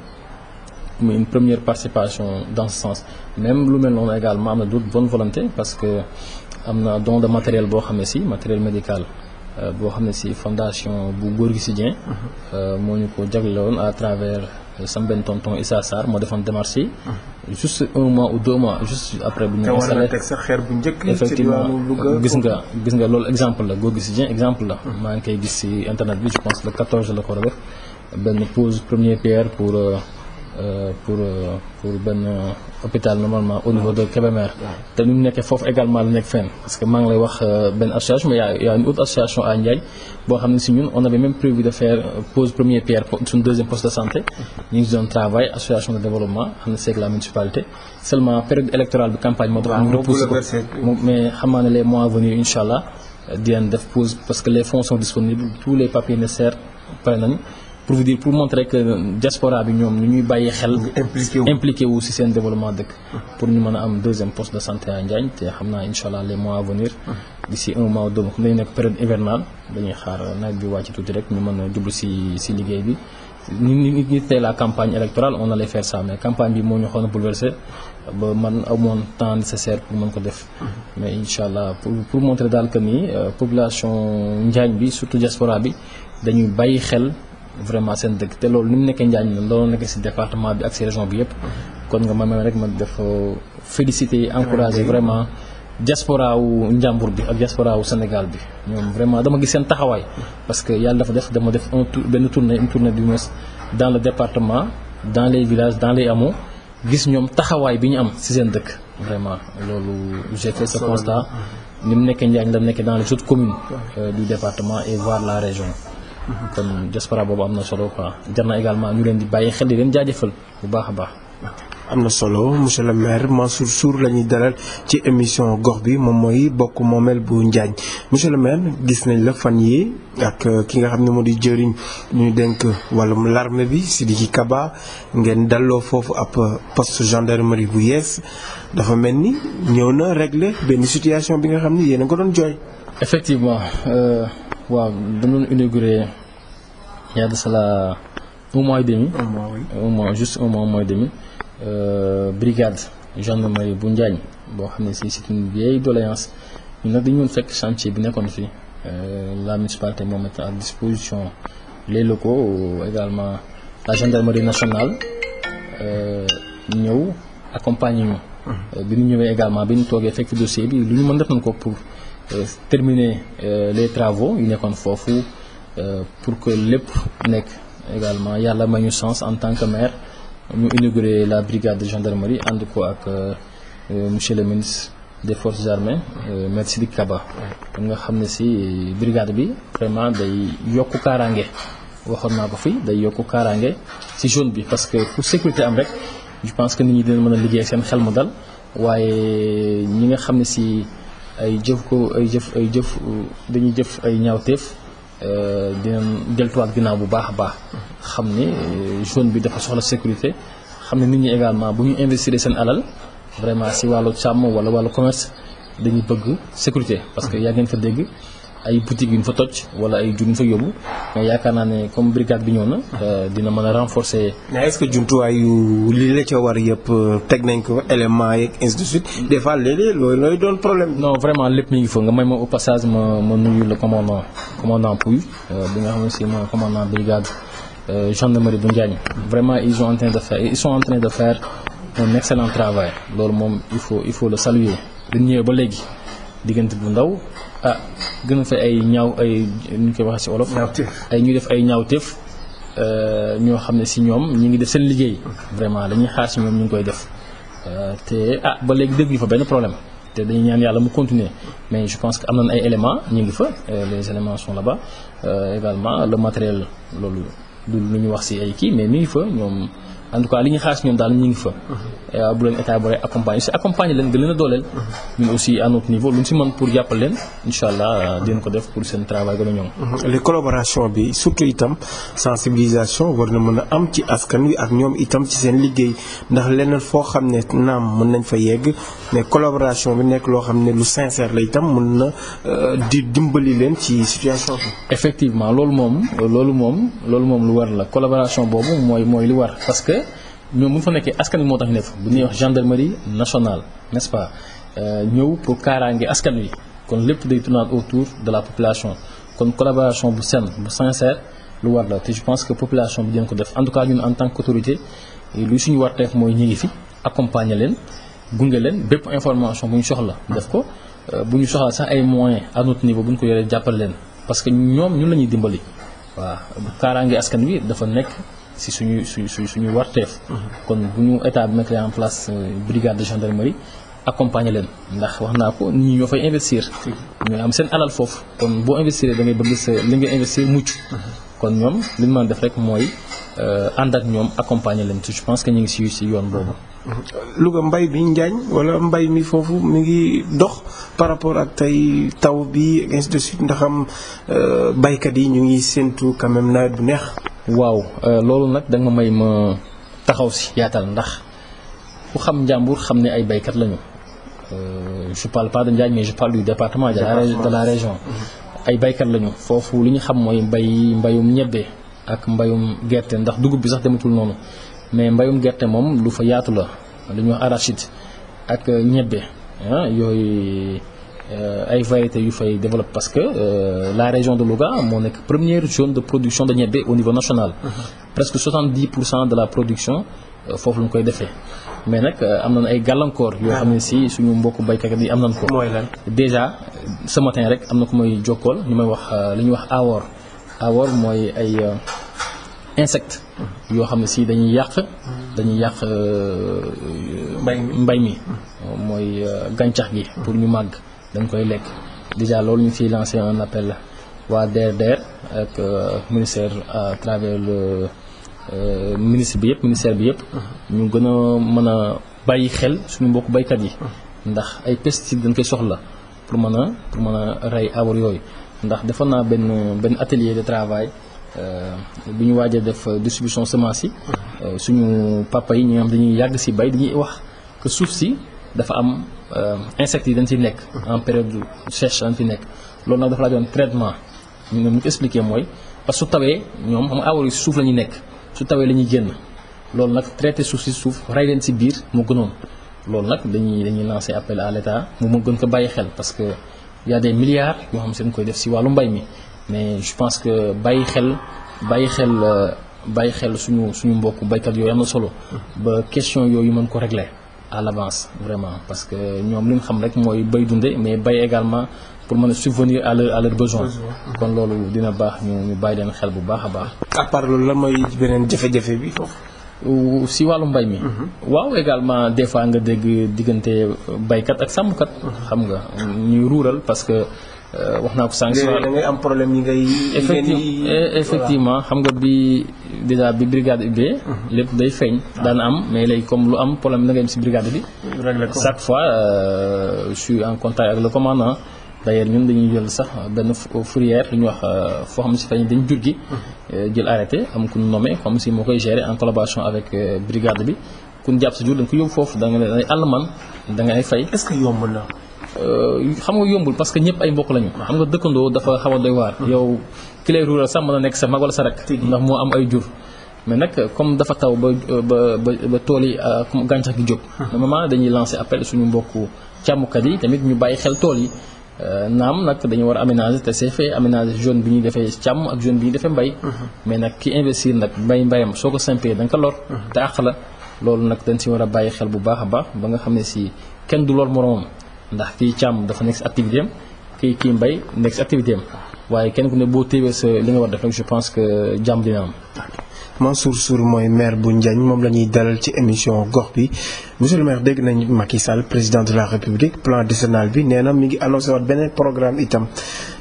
muy une première participation dans ce sens même lu mel noonu également am na d'autres bonne volonté parce que am na don de matériel boo xam ne si matériel médical euh, boo xam ne si fondation bu Gorgui Sy Dieng mhm. moo ñu ko jaglewoon à travers sama benn tonton Issa Sarr moo defoon démarche yi. juste un mois ou deux mois juste après. bu ñu installé teg sa bu njëkk. effectivement gis nga gis nga loolu exemple la Gorgui Sy Dieng exemple la. maa ngi koy gis ci internet bi je pense le 14 la ko war a def benn pose première pierre pour. Euh, Euh, pour euh, pour benn hôpital normalement au niveau de Kébémer te ni nekkee foofu également la nekk fenn parce que maa ngi lay wax euh, benn association mais y' a une autre association à Ndiaye boo xam ne si ñun on avait même prévu de faire pose première pierre suñu deuxième poste de santé ñu ngi si doon travail association de développement xam ne c'est la municipalité seulement période électorale bi campagne moo tax ñu repousse mais xam ne les mois venus incha pour vous dire pour montrer que diaspora bi ñoom ñu ñuy bàyyi xel. impliqué wu si seen développement dëkk. pour ñu mën a am deuxième poste de santé à Njaañ te xam naa incha allah les mois à venir. d'ici un mois ou deux comme dañu nekk période hivernale dañuy xaar nawet bi wàcc tuuti rek ñu mën a jublu si si liggéey bi. ni nit ñi tey la campagne électorale on allait faire ça mais campagne bi moo ñu xoon a bouleversé ba man amoon temps nécessaire pour mën ko def mais incha allah pour pour montrer daal que ni euh, population Njaañ bi surtout diaspora bi dañuy bàyyi xel vraiment seen dëkk te loolu ni mu nekkee Njaañ la nekkee si département ak si région yëpp kon nga ma may rek ma def euh, félicité encouragé vraiment diaspora wu Njàmbur bi ak diaspora wu Sénégal bi ñoom vraiment dama gis seen taxawaay parce que yàlla dafa def dama def un tour benn tournée une tournée du moins dans le département dans les villages dans les hameaux gis ñoom taxawaay bi ñu am si seen dëkk vraiment loolu j'ai fait ce constat ni mu nekkee Njaañ la nekkee dans les autres communes euh, du département et voir la région kon diaspora boobu am na solo quoi jar également ñu leen di bàyyi xel di leen jaajëfal bu baax a baax. am na solo monsieur le maire Mansour suur la ñuy dalal ci émission gox bi moom mooy bokk moomeel bu Njaañ monsieur le maire gis nañ la fan yi ak euh, ki nga xam ne moo di jëriñ ñu denk wàllum l'armée bi si Sidiki Kaba ngeen dalloo foofu ab euh, poste gendarmerie bu yees dafa mel ni ñëw na régler benn situation bi nga xam ni yéen a ko doon jooy. effectivement. Euh, waaw dañ doon inauguré il y a de mois et demi. un mois oui un mois juste un mois un mois demi euh, brigade gendarmerie bu Njaañ boo xam ne si c'est une vieille doléance ñun nag dañu doon fekk chantier bi nekkoon fii euh, la municipalité moo mettre à disposition les locaux également la gendarmerie nationale euh, ñëw accompagner ñu. Mm-hmm. bi ñu ñëwee également bi ñu toogee fekk dossier bi lu ñu mën def nañ ko pour. Euh, terminer euh, les travaux yu nekkoon foofu euh, pour que lépp nekk également yàlla ma ñu sens en tant que maire ñu inauguré la brigade de gendarmerie ànd ko ak monsieur le ministre des forces armées maître Sidiki Kaba nga xam ne si brigade bi vraiment day yokk kaaraange waxoon naa ko fii day yokk kaaraange ci zone bi parce que pour sécurité am rek je pense que nit ñi dina mën a liggéey seen xel mu dal waaye ñi nga xam ne si ay jëf ko ay jëf ay jëf dañuy jëf ay ñaawteef euh, dinañ deltuwaat ginnaaw bu baax a baax xam ni euh, zone bi dafa soxla sécurité xam ne nit ñi également bu ñu investir seen alal vraiment si wàllu càmm wala wàllu commerce dañuy bëgg sécurité parce que yaa ngeen fa dégg ay boutiques yu ñu fa toj wala ay jur ñu fa yóbbu mais yaakaar naa ne comme brigade bi ñëw na euh, dina mën a renforcer. mais est-ce jumtuwaay yu li la ca war yëpp euh, teg nañ ko éléments yeeg ainsi de suite des fois léeg loolu doon problème. no vraiment lépp mi ngi fa nga may ma au passage ma ma nuyu le commandant commandant Pouy euh, bi commandant brigade gendarmerie bu Njaañ vraiment ils sont en train de faire ils de faire un excellent loolu moom il faut il faut le saluer. dañ ñëwee ba léegi diggante bu ndaw. ah gën a fa ay ñaaw ay ñu ñu koy waxee ci wolof. ay ñuy def ay ñaawteef eh, ñoo xam ne si ñoom ñu ngi def seen liggéey. vraiment dañuy xaar ci ñoom ñu ngi koy def eh, te ah ba léegi dégg ñu fa benn problème. te dañu ñaan yàlla mu continuer mais je pense que am nañ ay éléments ñu ngi fa eh, les éléments sont là-bas également le matériel loolu lu ñu wax ci ay kii mais mi ngi fa ñoom. en tout cas li ñu xaar ñoom daal ñu ngi fa. Mhm. Euh, bu leen état bu lay accompagner si accompagner leen gën leen a dooleel. Mhm. lu ñu si mën pour jàppal leen incha allah euh, dinañ ko def pour seen travail gën a ñoom. Mhm. les collaboration bi surtout itam sensibilisation war na mën a am ci askan wi ak ñoom itam ci seen liggéey ndax leneen foo xam ne naam mën nañ fa yegg mais collaboration bi nekk loo xam ne lu sincère la itam mën na euh, di dimbali leen ci situation bi. effectivement loolu moom loolu moom loolu moom lu war la collaboration boobu mooy mooy li war parce que. ñoom bu ñu fa nekkee askan wi moo tax ñu ne bu ñuy wax gendarmerie nationale nest pas euh, ñëw pour kaaraange askan wi kon lépp day tourner autour de la population kon collaboration bu saine bu sincère lu war la te je pense que population bi dinañ ko def en tout cas ñun en tant qu'autorité lu suñu warteef mooy ñu ngi fi accompagner leen gunge leen bépp information bu ñu soxla def ko euh, bu ñu soxla sax ay moyens à notre niveau bu ñu ko yoree jàppale leen parce que ñoom ñun la ñuy dimbali waaw askan wi dafa nekk si suñu suñ suñ suñu warteef kon bu ñu état bi mettre en place euh, brigade de gendarmerie accompagner leen ndax wax naa ko nit ñoo fay investir ñooy am seen alal foofu kon boo investir da ngay bëgg sa li nga investir mucc kon ñoom li ñu mën def rek mooy euh, ànd ak ñoom accompagner leen je pense que ñu ngi si si yoon boobu Louga mbay bi njaañ wala mbay mi foofu mi ngi dox par rapport ak tey taw bi ainsi de suite ndax am euh, baykat yi ñu ngi séentu quand même nawet bu neex. waaw euh, loolu nag da nga may ma taxaw si yaatal ndax ku xam njàmbur xam ne ay baykat lañu euh, je parle pas de Njaañ mais je parle du département. de la région. Mm-hmm. ay baykat lañu foofu lu ñu xam mooy mbay mbayum ñebbe ak mbayum gerte ndax dugub bi sax dematul noonu. mais mbayum gerte moom lu fa yaatu la lu ñuy wax arachide ak ñebbe ah yooyu euh, ay variétés yu fay développe parce que euh, la région de Louga moo nekk première zone de production de ñebbe au niveau national. Uh-huh. presque 70 pour cent de la production euh, foofu lañ koy defee. mais nag am nañ ay gàllankoor yoo xam ne si suñu mbokku baykat yi am nañ ko. mooy lan déjà ce matin rek am na ko may jokkool ñu may wax li ñuy wax awoor awoor mooy ay. insectes yoo xam ne si dañuy yàq dañuy yàq euh, mbay mi mooy euh, gàncax gi pour ñu màgg dañ koy lekk déjà loolu ñu ciy lancé un appel waa DRDR ak euh, ministère à travers le ministre bi yëpp ministère bi yëpp ñu gën a mën a bàyyi xel suñu mbokk baykat yi ndax ay pesticides dañ koy soxla pour mën a pour mën a rey abar yooyu ndax defoon naa benn benn atelier de travail Euh, bi ñu waajee def euh, distribution semence yi euh, suñu papa yi ñi am dañuy yàgg si bay dañuy wax que suuf si dafa am insectes yi dañ si nekk en période sèche dañ si nekk loolu nag dafa laajoon traitement ñoom ñu ko mooy parce que tawee ñoom xam nga suuf la ñuy nekk su tawee la ñuy génn loolu nag traité suuf si suuf rey leen si biir moo gënoon loolu nag dañuy dañuy lancé appel à l' état mu gën ko bàyyi xel parce que y a des milliards yoo xam seen koy def si wàllu mbay mi mais je pense que bàyyi xel bàyyi xel euh, bàyyi xel suñu suñu mbokk baykat yooyu am na solo ba question yooyu mën ko régler à l'avance vraiment parce que ñoom li xam rek mooy bay dunde mais bay également pour mën a subvenir à leur à leurs besoins kon loolu dina baax ñu ñu bàyyi leen xel bu baax a baax à part loolu lan mooy beneen jafe-jafe bi foofu si wàllu mbay mi mhm. waaw également des fois nga dégg diggante baykat ak sàmmkat mhm. xam nga ñuy ruural parce que Euh, wax naa ko sànq. da ngay am problème yi ngay. Euh, effectivement xam nga bi déjà bi brigade ubbee. Mhm. lépp day feeñ. Ah. daan am mais lay comme lu am problème da ngay dem brigade bi. chaque fois euh, je suis en contact ak le commandant. d'ailleurs ñun dañuy jël sax benn fourrière lu ñuy wax foo xam si dañ jur gi mhm. jël arrêté am ku ñu nommé comme si moo koy gérer en collaboration avec brigade bi ku ñu jàpp sa jur dañ ko yóbbu foofu da nga ne ay man da ngay fay. est-ce que yomb na. Euh, xam nga yombul parce que ñëpp ay mbokk lañu xam nga dëkkandoo dafa xaw a doy waar yow ki lay ruural sax mën a nekk sa mag wala sa rak ndax moo am ay jur mais nag comme dafa taw ba ba ba tool yi ah, gàncax gi jóg normalement ah. dañuy lancer appel suñu mbokku càmmkat yi tamit ñu bàyyi xel tool yi euh, naam nag dañu war a aménager te c'est fait aménager zone bi ñuy defee càmm ak zone bi ñuy defee mbay mais nag ki investir nag mbay mbayam soo ko simpee da nga ko lor te àq la loolu nag dañ si war a bàyyi xel bu baax a baax ba nga xam ne si kenn du lor moroomam ndax kii càmm dafa nekk si activité am kii kii mbay nekk si activité waaye kenn ku ne boo téewee sa li nga war def je pense que jàmm dina am. Mansour Sour mooy maire bu Ndiagne moom la ñuy dalal ci émission gox bi monsieur le maire dégg nañ Macky Sall président de la république plan décennal bi nee na mi ngi annoncé waat beneen programme itam.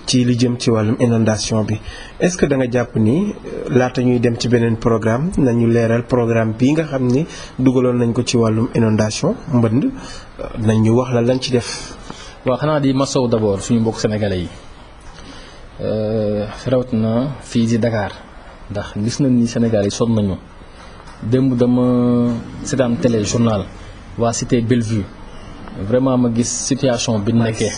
ci li jëm ci wàllum inondation bi est-ce que da nga jàpp ni euh, laata ñuy dem ci beneen programme nañu leeral programme bii nga xam ni dugaloon nañ ko ci wàllum inondation mbënd euh, nañ ñu wax la lañ ci def. waa xanaa di masow d'abord suñu mbokk sénégalais yi euh, rawatina fii ci Dakar ndax gis nañ ni Sénégal yi sonn nañu démb dama seetaan télé journal waa Cité Bellevue. vraiment ma gis situation bi nekkee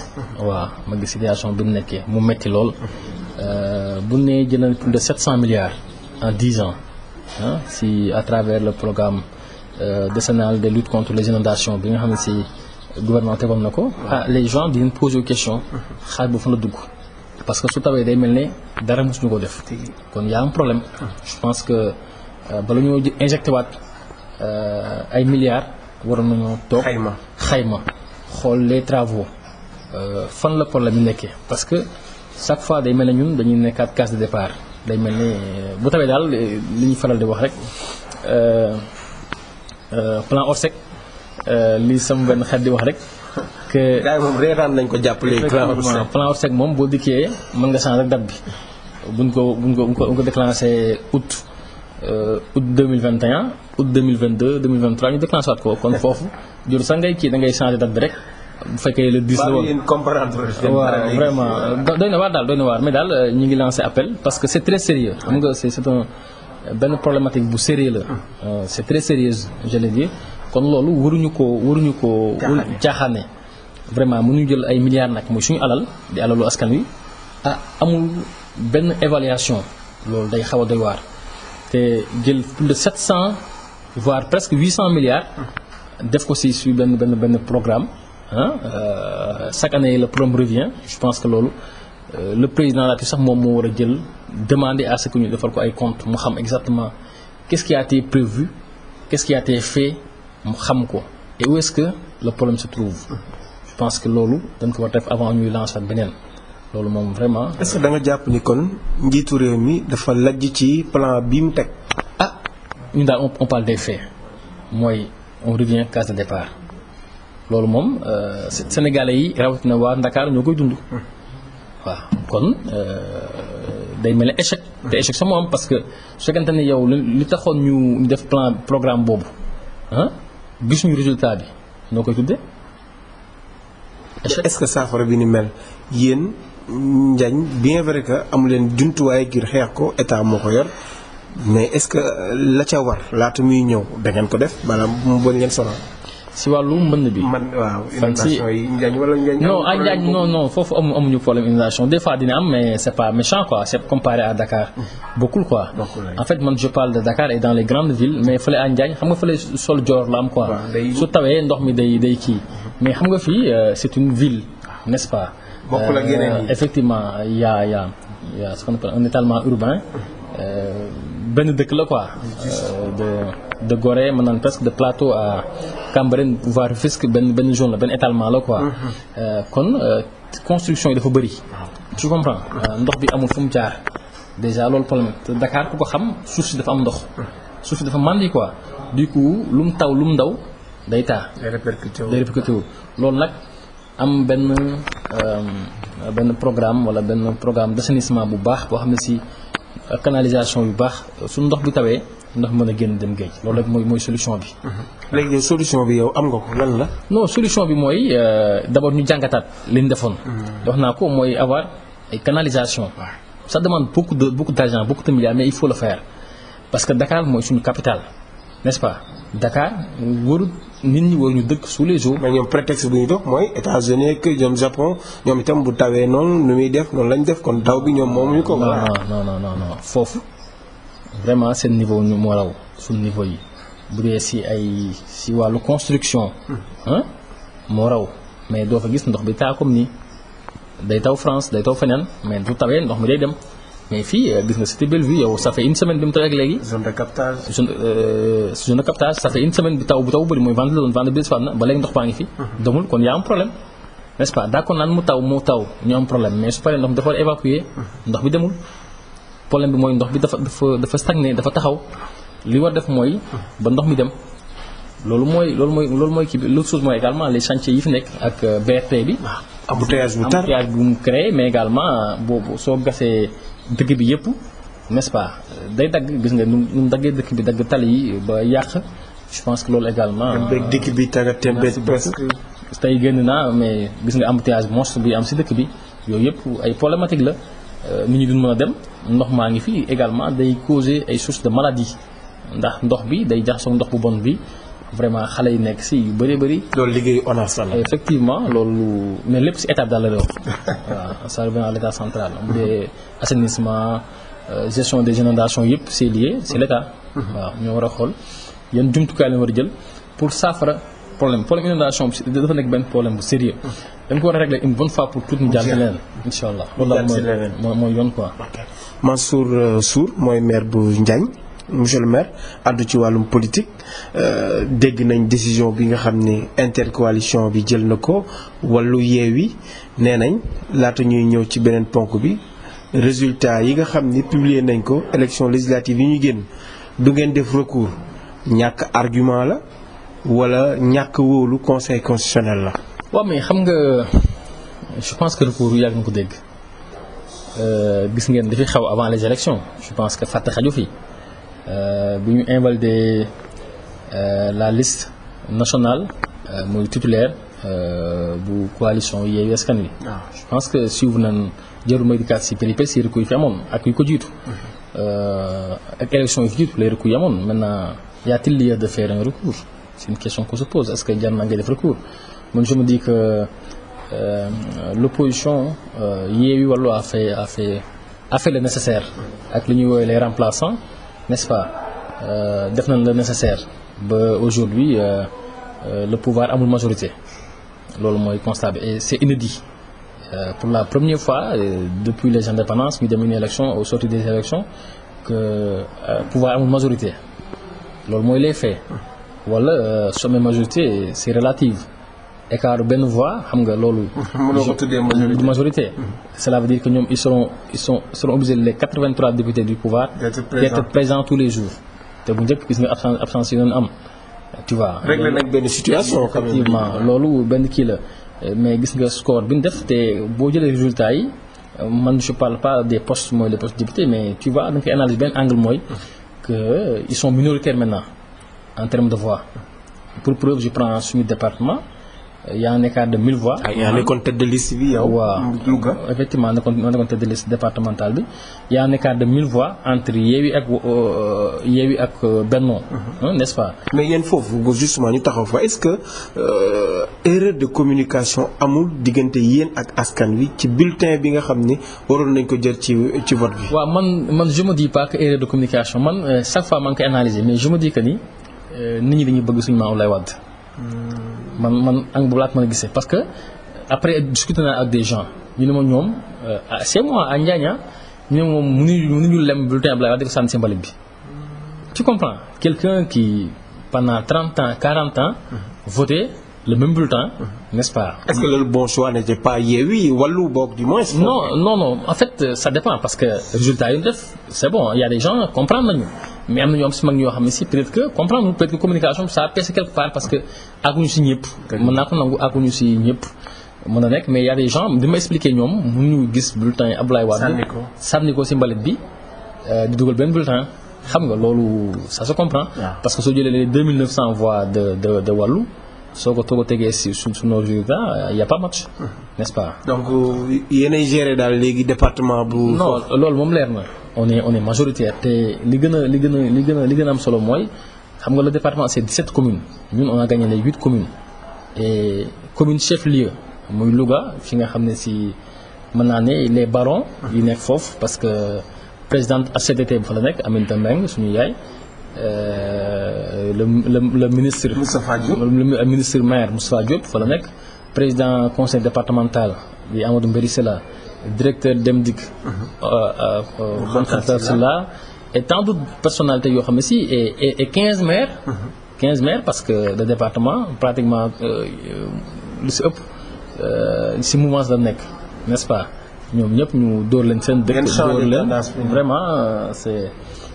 waaw ma situation bi nekkee mu metti lool euh, bu nee jëlal plus de sept cent milliards en dix ans ah si à travers le programme euh, décennal de lutte contre les inondations bi nga xam ne si gouvernement tegoon na ko ah les gens dinañ poser question xaaj bu fa la dugg parce que su tawee day mel ne dara mosuñu ko def kon y a un problème je pense que euh, bala ñoo injecté waat euh, ay milliards war nañoo toog xayma xayma xool les travaux euh, fan la pol la yi nekkee parce que chaque fois day mel ne ñun dañuy nekkaat case de départ day mel ne euh, bu tawee daal euh, li ñu faral di wax rek plan Orsec li sama benn xel di wax rek. que gars yi moom reetaan nañ ko jàpp léegi. plan Orsec moom boo dikkee mën nga changer date bi buñ ko buñ ko buñ ko déclenché août. Euh, août 2021 août 2022 2023 ñu déclenché waat ko kon foofu jur sax ngay kii da ngay changé date bi rek bu fekkee le 10 la woon waaw vraiment doy na waar daal doy na waar mais daal euh, ñu ngi lancé appel parce que c'est très sérieux xam nga c'est c'est un benn problématique bu sérieux la euh, c'est très sérieuse je le dis kon loolu waruñu koo waruñu koo jaaxaane vraiment mënuñu jël ay milliards nag muy suñu alal di alalu askan wi ah amul benn évaluation loolu day xaw a doy waar te jël plus de 700 voire presque 800 milliards def ko si si benn benn benn programme ah chaque année le programme revient je pense que loolu euh, le président laati sax moom moo war a jël demande à ce defal ko ay compte mu xam exactement qu'est-ce qui a prévu qu'est-ce qui fait mu xam ko et où est-ce que le problème se trouve je pense que loolu dañ ko war def avant ñuy lancer beneen loolu moom vraiment. est ce que da jàpp ni kon njiitu réew mi dafa lajj ci plan bi mu teg. ah ñu daal on parle des faits mooy on revient case de départ loolu moom euh, Sénégalais yi na waa Ndakaar ñoo koy dund. waaw kon euh, day mel ni échec. te échec sa moom parce que su fekkente ne yow li taxoon ñu def plan programme boobu ah gisuñu résultat bi noo koy tudde échec est-ce que saafara bi ni mel yéen njañ bien vrai que amu leen jumtuwaay ngir xeex ko état moo ko yor mais est-ce que euh, la ca war laata muy ñëw da ngeen ko def maanaam mu bañ leen sonal. si wàllu mbënd bi. man waaw inondation yi Njaañ wala ah, foofu amu amuñu problème inondation des fois dina am mais c'est pas méchant quoi c'est comparé à Dakar. Mhm. bokkul quoi en fait man je parle de Dakar et dans les grandes villes mais fële à Njaañ xam nga fële sol joor la am quoi. su tawee ndox mi day day kii mhm. mais xam nga fii euh, c'est une ville pas. bokkul ak yeneen yi euh, effectivement y a y a y a ce qu'on un étalement urbain euh, benn dëkk la quoi euh, de de Gorée naan presque de plateau à Cambérène voire benn benn zone la benn étalement la quoi mhm. kon construction yi dafa bëri tu comprends ndox bi amul fu mu jaar déjà loolu problème te Dakar ku ko xam suuf si dafa am ndox suuf si dafa màndi quoi du coup lu mu taw lu mu ndaw day taa day répercuté wu loolu nag am benn Euh, benn programme wala benn programme d'assainissement bu baax boo xam ne si canalisation bu baax su ndox bi tawee ndox mën a génn dem géej loolu rek mooy mooy solution bi. Mm-hmm. léegi solution bi yow am nga ko lan la. solution bi mooy euh, d'abord ñu jàngataat li ñu defoon. Mm-hmm. wax naa ko mooy avoir ay canalisation ça demande beaucoup de beaucoup d'argent beaucoup de milliards mais il faut le faire parce que Dakar mooy suñu capital n'est-ce pas Dakar warut nit ñi waruñu dëkk sous les eaux. mais ñoom prétexte bu ñu dox mooy États-Unis ak ñoom Japon ñoom itam bu tawee noonu nu muy def noonu lañ def kon taw bi ñoom moomuñu ko. non non non non foofu vraiment seen niveau ñu moo raw suñu niveau yi bu dee si ay si wàllu construction. Hmm. moo raw mais doo fa gis ndox bi taa comme nii day taw France day taw feneen mais bu tawee ndox mi day dem. mais fii euh, gis nga cité Bellevue yow ça fait semaine bi mu tawee ak léegi. zone de captage. Euh, semaine bi taw bu taw bu bëri mooy vente la doon vente bi faat na ba léegi ndox baa ngi fi. Mhm. demul kon y' a un problème n'est-ce pas d'accord am problème mais su paree ndox mi dafa évacuer mhm. ndox bi demul problème bi mooy ndox bi dafa dafa dafa stagné dafa taxaw li war def mooy mhm. ba ndox mi dem. loolu mooy loolu mooy loolu mooy kii bi l'autre chose mooy également les chantiers yi fi nekk ak euh, BRT bi. Ah, embouteillage bu tar bu mu créé mais également boobu soo gasee. dëkk bi yëpp n'est-ce pas day dagg gis nga nu mu daggee dëkk bi dagg tali yi ba yàq je pense que loolu également. tembeeg dëkk bi taga tembeeg euh, presque. tey génn naa mais gis nga embouteillage monstre bi am si dëkk bi yooyu yëpp ay problématique la euh, nit ñu duñ mën a dem ndox maa ngi fii également day causer ay sources de maladie ndax ndox bi day jaxasoo ndox bu bon bi. vraiment xale yi nekk si yu bëri bëri. loolu liggéeyu ONAS la. effectivement loolu mais lépp si état bi daal la doon waaw ça revient à l' état central. bu dee assainissement euh, gestion des inondations yëpp c' est lié c' est l' ñoo war a xool yan jumtukaay lañ war a jël pour saafara problème problème inondation bi dafa nekk benn problème bu sérieux mhm. dañ ko war a régler une bonne fois pour tout ñu jàll si leneen. incha allah loolu mooy mooy yoon quoi. Mansour euh, maire bu Ndiagne. monsieur le maire àddu ci wàllum politique euh, dégg nañ décision bi nga xam ni intercoalition bi jël na ko wàllu yeewi nee nañ laata ñuy ñëw ci beneen ponk bi résultat yi nga xam ni publier nañ ko élection législative yi ñu génn du ngeen def recours ñàkk argument la wala ñàkk wóolu conseil constitutionnel la. waaw mais xam nga je pense que recours yàgg nga ko dégg euh, gis ngeen li fi xaw avant les élections je pense que fàtte xaju fi Euh, bu ñu invalidé euh, la liste nationale euh, muy titulaire bu coalition Yewwi Askan Wi ah. je pense que suivre nañ jëru may dikat si péripéties recours yi fi amoon ak yu ko jiitu mhm. ak élection yi fi jiitu les recours yi amoon maintenant y a-t-il lieu de faire un recours c'est une question qu'on se pose est-ce que jar na ngay def recours man je me dis que Euh, l'opposition euh, Yewwi Wallu a fait a fait a fait le nécessaire ak li ñuy woowee les remplaçants n'est-ce pas euh, def nañ la nécessaire ba aujourd'hui euh, euh, le pouvoir amul majorité loolu mooy constat bi et c'est inédit pour la première fois depuis les indépendances ñu dem une élection au sorti des élections que pouvoir amul majorité loolu mooy les faits wala sommet majorité c'est relative écart benn voix xam nga loolu. mënoo ko tuddee majorité majorité. cela veut dire que ñoom ils seront ils sont seront obligés les 83 députés du pouvoir. d'être présents tous les jours. te bu njëkk gis nga absence absence yi doon am. tu vois régler nañ benn situation. loolu benn kii la mais gis nga score bi ñu def te boo jëlee résultat yi man je parle pas des post mooy les postes députés mais tu vois da nga koy analyse benn angle mooy. que ils sont minoritaires maintenant en termes de voix. pour preuve je prends suñu département. yaa ngi nekkaat de mille voix. ah yaa ah, nekkoon tête de liste bi yow. waaw Louga effectivement nekkoon ma nekkoon tête de liste bi yaa nekkaat de mille voix entre Yewwi ak euh, Yewwi ak euh, Benno. Uh-huh. n'est-ce pas. mais yéen foofu justement ñu taxaw fa est-ce que euh, erreur de communication amul diggante yéen ak askan wi ci bulletin bi nga xam ni waroon nañ ko jël ci ci vote bi. waaw man man je me dis pas que erreur de communication man chaque fois maa ngi koy analyser mais je me dis que ni nit ñi dañuy bëgg suñu Maam Abdoulaye Wade. Hmm. man man angle boobu laa ko mën a gisee parce que après discuter naa ak des gens ñu ne ma ñoom euh, ah c'est moi à Njaaña ah. ñu ne moom mënuñu mënuñu lem bulletin Abdoulaye Wade di ko sànni si bi. tu comprends quelqu'un qui pendant trente ans quarante ans. Mm-hmm. voté le même bulletin. Mm-hmm. n'est-ce pas. est-ce que le bon Wallu boog du moins. non non non en fait euh, ça dépend parce que résultat yi ñu def c'est bon il y des gens comprendre nañu. mais am na ñoo am si mag ñoo xam ne si peut que comprendre peut-être que communication ça pèse quelque part parce que àgguñu si ñëpp. mën naa ko nangu àgguñu si ñëpp. mën na nekk mais y a des gens bi ma expliqué ñoom mënuñu gis bulletin Abdoulaye Wade. sànni ko sànni ko si mbalit bi euh, di benn bulletin. xam nga loolu ça se comprend. parce que soo jëlee les 2900 voix de de de wàllu soo ko toog tegee su suñu résultat euh, y a pas match. Hmm. n'est-ce donc euh, yéenay gérer daal léegi département bu. non loolu moom leer na. on est on majoritaire te li gën a li gën a li gën a li gën am solo mooy xam nga le département c'est 17 commune ñun on a gagné les 8 communes commune chef lieu muy Louga fi nga xam ne si mën naa ne les barons yi nekk foofu parce que présidente HCDT bu fa la nekk Aminata Mbengue suñu yaay euh, le le le ministre. Moustapha Diop le ministre maire Moustapha Diop fa la nekk président conseil départemental bi Amadou Mbéry Sylla directeur Dem Dikk uh-huh. euh, euh, euh, Bounkhata et tant d'autres personnalités yoo xam ne si e et et quinze maires. Uh-huh. quinze maires parce que le département pratiquement lu si ëpp si mouvance la nekk n'est-ce pas ñoom ñëpp ñu dóor leen seen. dëkk dóor leen vraiment c'est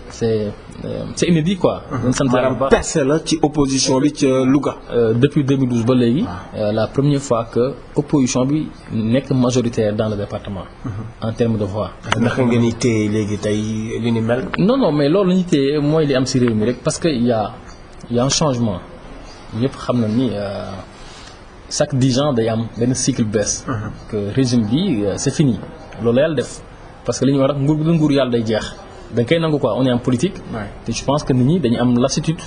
c'est Euh, c'est inédit quoi. sant yàlla bu baax percée la ci opposition bi ca euh, Louga. Euh, depuis 2012 ba léegi. Ah. la première fois que opposition bi nekk majoritaire dans le département. Mhm. en termes de voix. ndax nga ni téye léegi tey li ni mel. non non mais loolu la ñuy téye mooy li am si réew mi rek parce que y a un changement ñëpp xam na ni. chaque dix ans day am benn cycle bees. Mhm. que régime bi c'est fini loolu yàlla def parce que li ñu war a nguur nguur yàlla day jeex. da nga koy nangu ko on est en politique. je pense que nit ñi dañu am lassitude.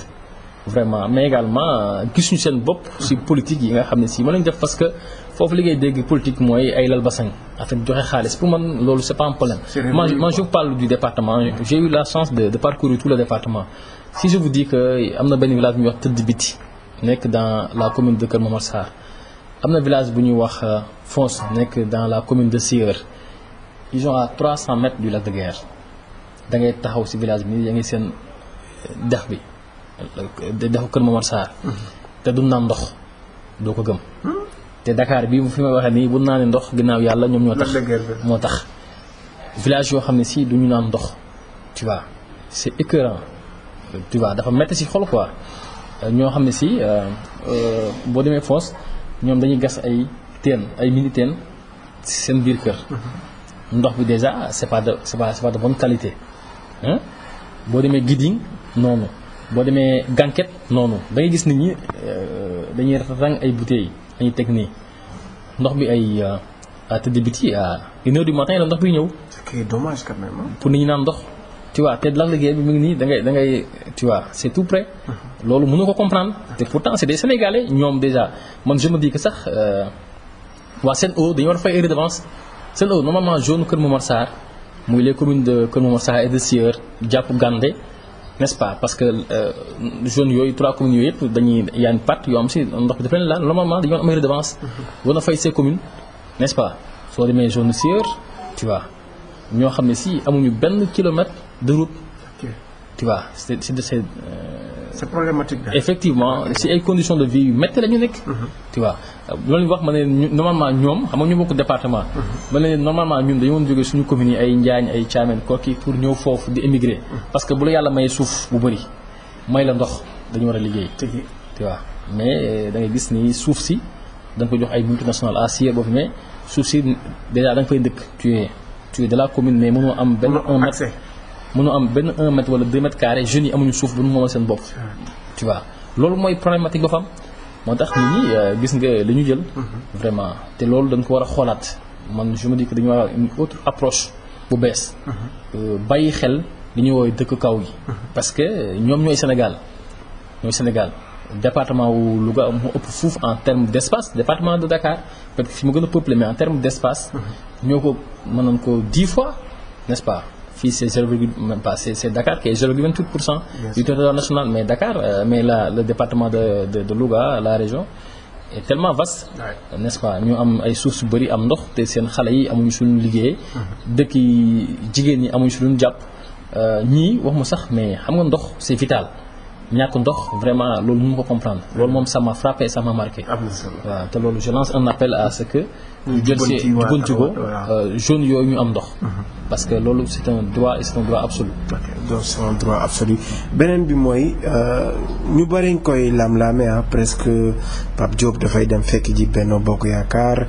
vraiment mais également euh, gisuñu seen bopp. si politique yi nga xam ne si mën nañu def parce que foofu li ngay dégg politique mooy ay lal basang affaire joxe xaalis pour man loolu c'est pas un problème. man je parle du département j'ai eu la chance de de parcourir tout le département. si je vous dis que am na benn village bu ñuy wax Tëdd Biti nekk dans la commune de Kër Momar Sarr am na village bu ñuy wax euh, Fons nekk dans la commune de Sierre ils sont à 300 du lac de Guiers. da ngay taxaw si village bi nii yaa ngi seen eh, dex bi dexu Kër Momar Sarr mm-hmm. te du naan ndox doo ko gëm mm-hmm. te Dakar bi fi may waxee nii bu naa ne ndox ginnaaw yàlla ñoom ñoo tax moo tax village yoo xam ne sii du ñu naan ndox tu vois c'est écœurant tu dafa métti si xol quoi ñoo xam ne si euh, euh, boo demee foos ñoom dañuy gas ay teen ay mini teen seen biir kër mm-hmm. ndox bi déjà c'est pas de c'est pas de bonne qualité boo demee Giding noonu boo demee Gànket noonu da ngay gis nit ñi euh, dañuy rang ay bouteilles dañuy teg nii ndox bi ay euh, à tëdd biti à une heure du matin ndox bi ñëw. c'est dommage pour nit ñi naan ndox. tu vois te Lac de bi mu ngi nii da ngay da ngay tu vois c'est tout près. Mhm. loolu mënu ko comprendre. te pourtant c'est des Sénégalais ñoom déjà man je me dis que sax euh, waa Sen'Eau dañu war a fay redevance Sen'Eau normalement zone Kër Momar Sarr. muy les commune de Kër Momar Sarr et de Sieur jàpp Gandé n'est-ce pas parce que euh, zone yooyu trois communes yooyu yëpp dañuy yaa ngi pàtt yoo am si ndox bi daf leen laal normalement dañoo am ay redevance mm-hmm. war na fay ces commune n'est-ce pas soo demee zone Sieur tu ñoo xam ne si amuñu benn kilomètre de route tu vois c'est c'est c'est problématique effectivement si ay conditions de vie yu métti la ñu nekk. Mhm. tu vois loolu ñu wax ma ne normalement ñoom xam nga ñu ko département. Mhm. ma ne normalement ñun dañu woon jógee suñu commune yi ay Njaañ ay Thiamène Koki pour ñëw foofu di émigrer. Mhm. parce que bu la yàlla may suuf bu bëri may la ndox dañu war a liggéey. tu vois mais euh, dangay gis ni suuf si da ko jox ay multinationales à siège boobu mais suuf si déjà da fay dëkk. tu es de la commune mais mënoo am benn. un mënu am benn 1 mètre wala 2 mètres carrés jeunes yi amuñu suuf bu ñu moomal seen bopp. loolu mooy problématique ba fa am moo tax mu ñi euh, gis nga li ñu jël. Mhm. vraiment te loolu dañ ko war a xoolaat man je me dis que dañu war a une bu bees. Mhm. Euh, bàyyi xel li ñuy woowee dëkk kaw gi. Mhm. parce que ñoom ñooy Sénégal ñooy Sénégal. département wu Louga mu ëpp fuuf en terme d' espace département de Dakar peut-être fi mu gën a peuplé mais en terme d' espace. ñoo ko nañ ko dix fois n' ce pas. fii c'est 0 virgule même pas c'est c'est Dakar qui est 0,28 pour cent du territoire mais Dakar euh, mais la le département de de de la région est tellement n'est-ce pas ñu am ay sources yu bëri am ndox te seen xale yi amuñu suñu liggéey mm-hmm. dëkk yi jigéen ñi amuñu suñu jàpp euh, ñii wax mu sax mais xam nga ndox c'est vital ñàkk ndox vraiment loolu mënu ma ko comprendre loolu moom ça m'a frappé et ça m'a marqué. waaw ah, te loolu je un appel à ce que. ñu jël see jubbanti ko jeunes yooyu ñu am ndox. Mhm. parce que loolu c'est un droit et c'est un droit absolu. beneen bi mooy euh, ñu bëri ñu koy lamlaamee ah presque Pape Diop dafay dem fekk ji Benno Bokk Yaakaar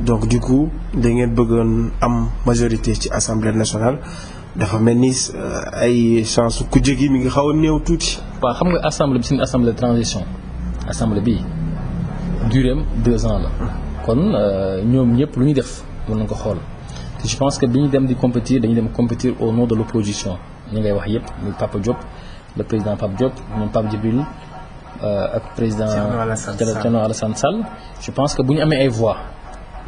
donc du coup da ngeen bëggoon am majorité ci assemblée nationale dafa mel ni euh, ay chance ku jéggi mi ngi xaw a néew tuuti. waa xam nga assemblée bi suñu assemblée de transition assemblée bii duréem deux ans la kon euh, ñoom ñëpp lu ñu def mën nañu ko xool te je pense que bi ñu dem di compétir dañuy dem compétir au nom de l' opposition ñi ngay wax yëpp muy Papa Diop le président Pape Diop ñoom Pape Djibril euh, ak président Thierno Alassane Sall je pense que bu ñu amee ay voix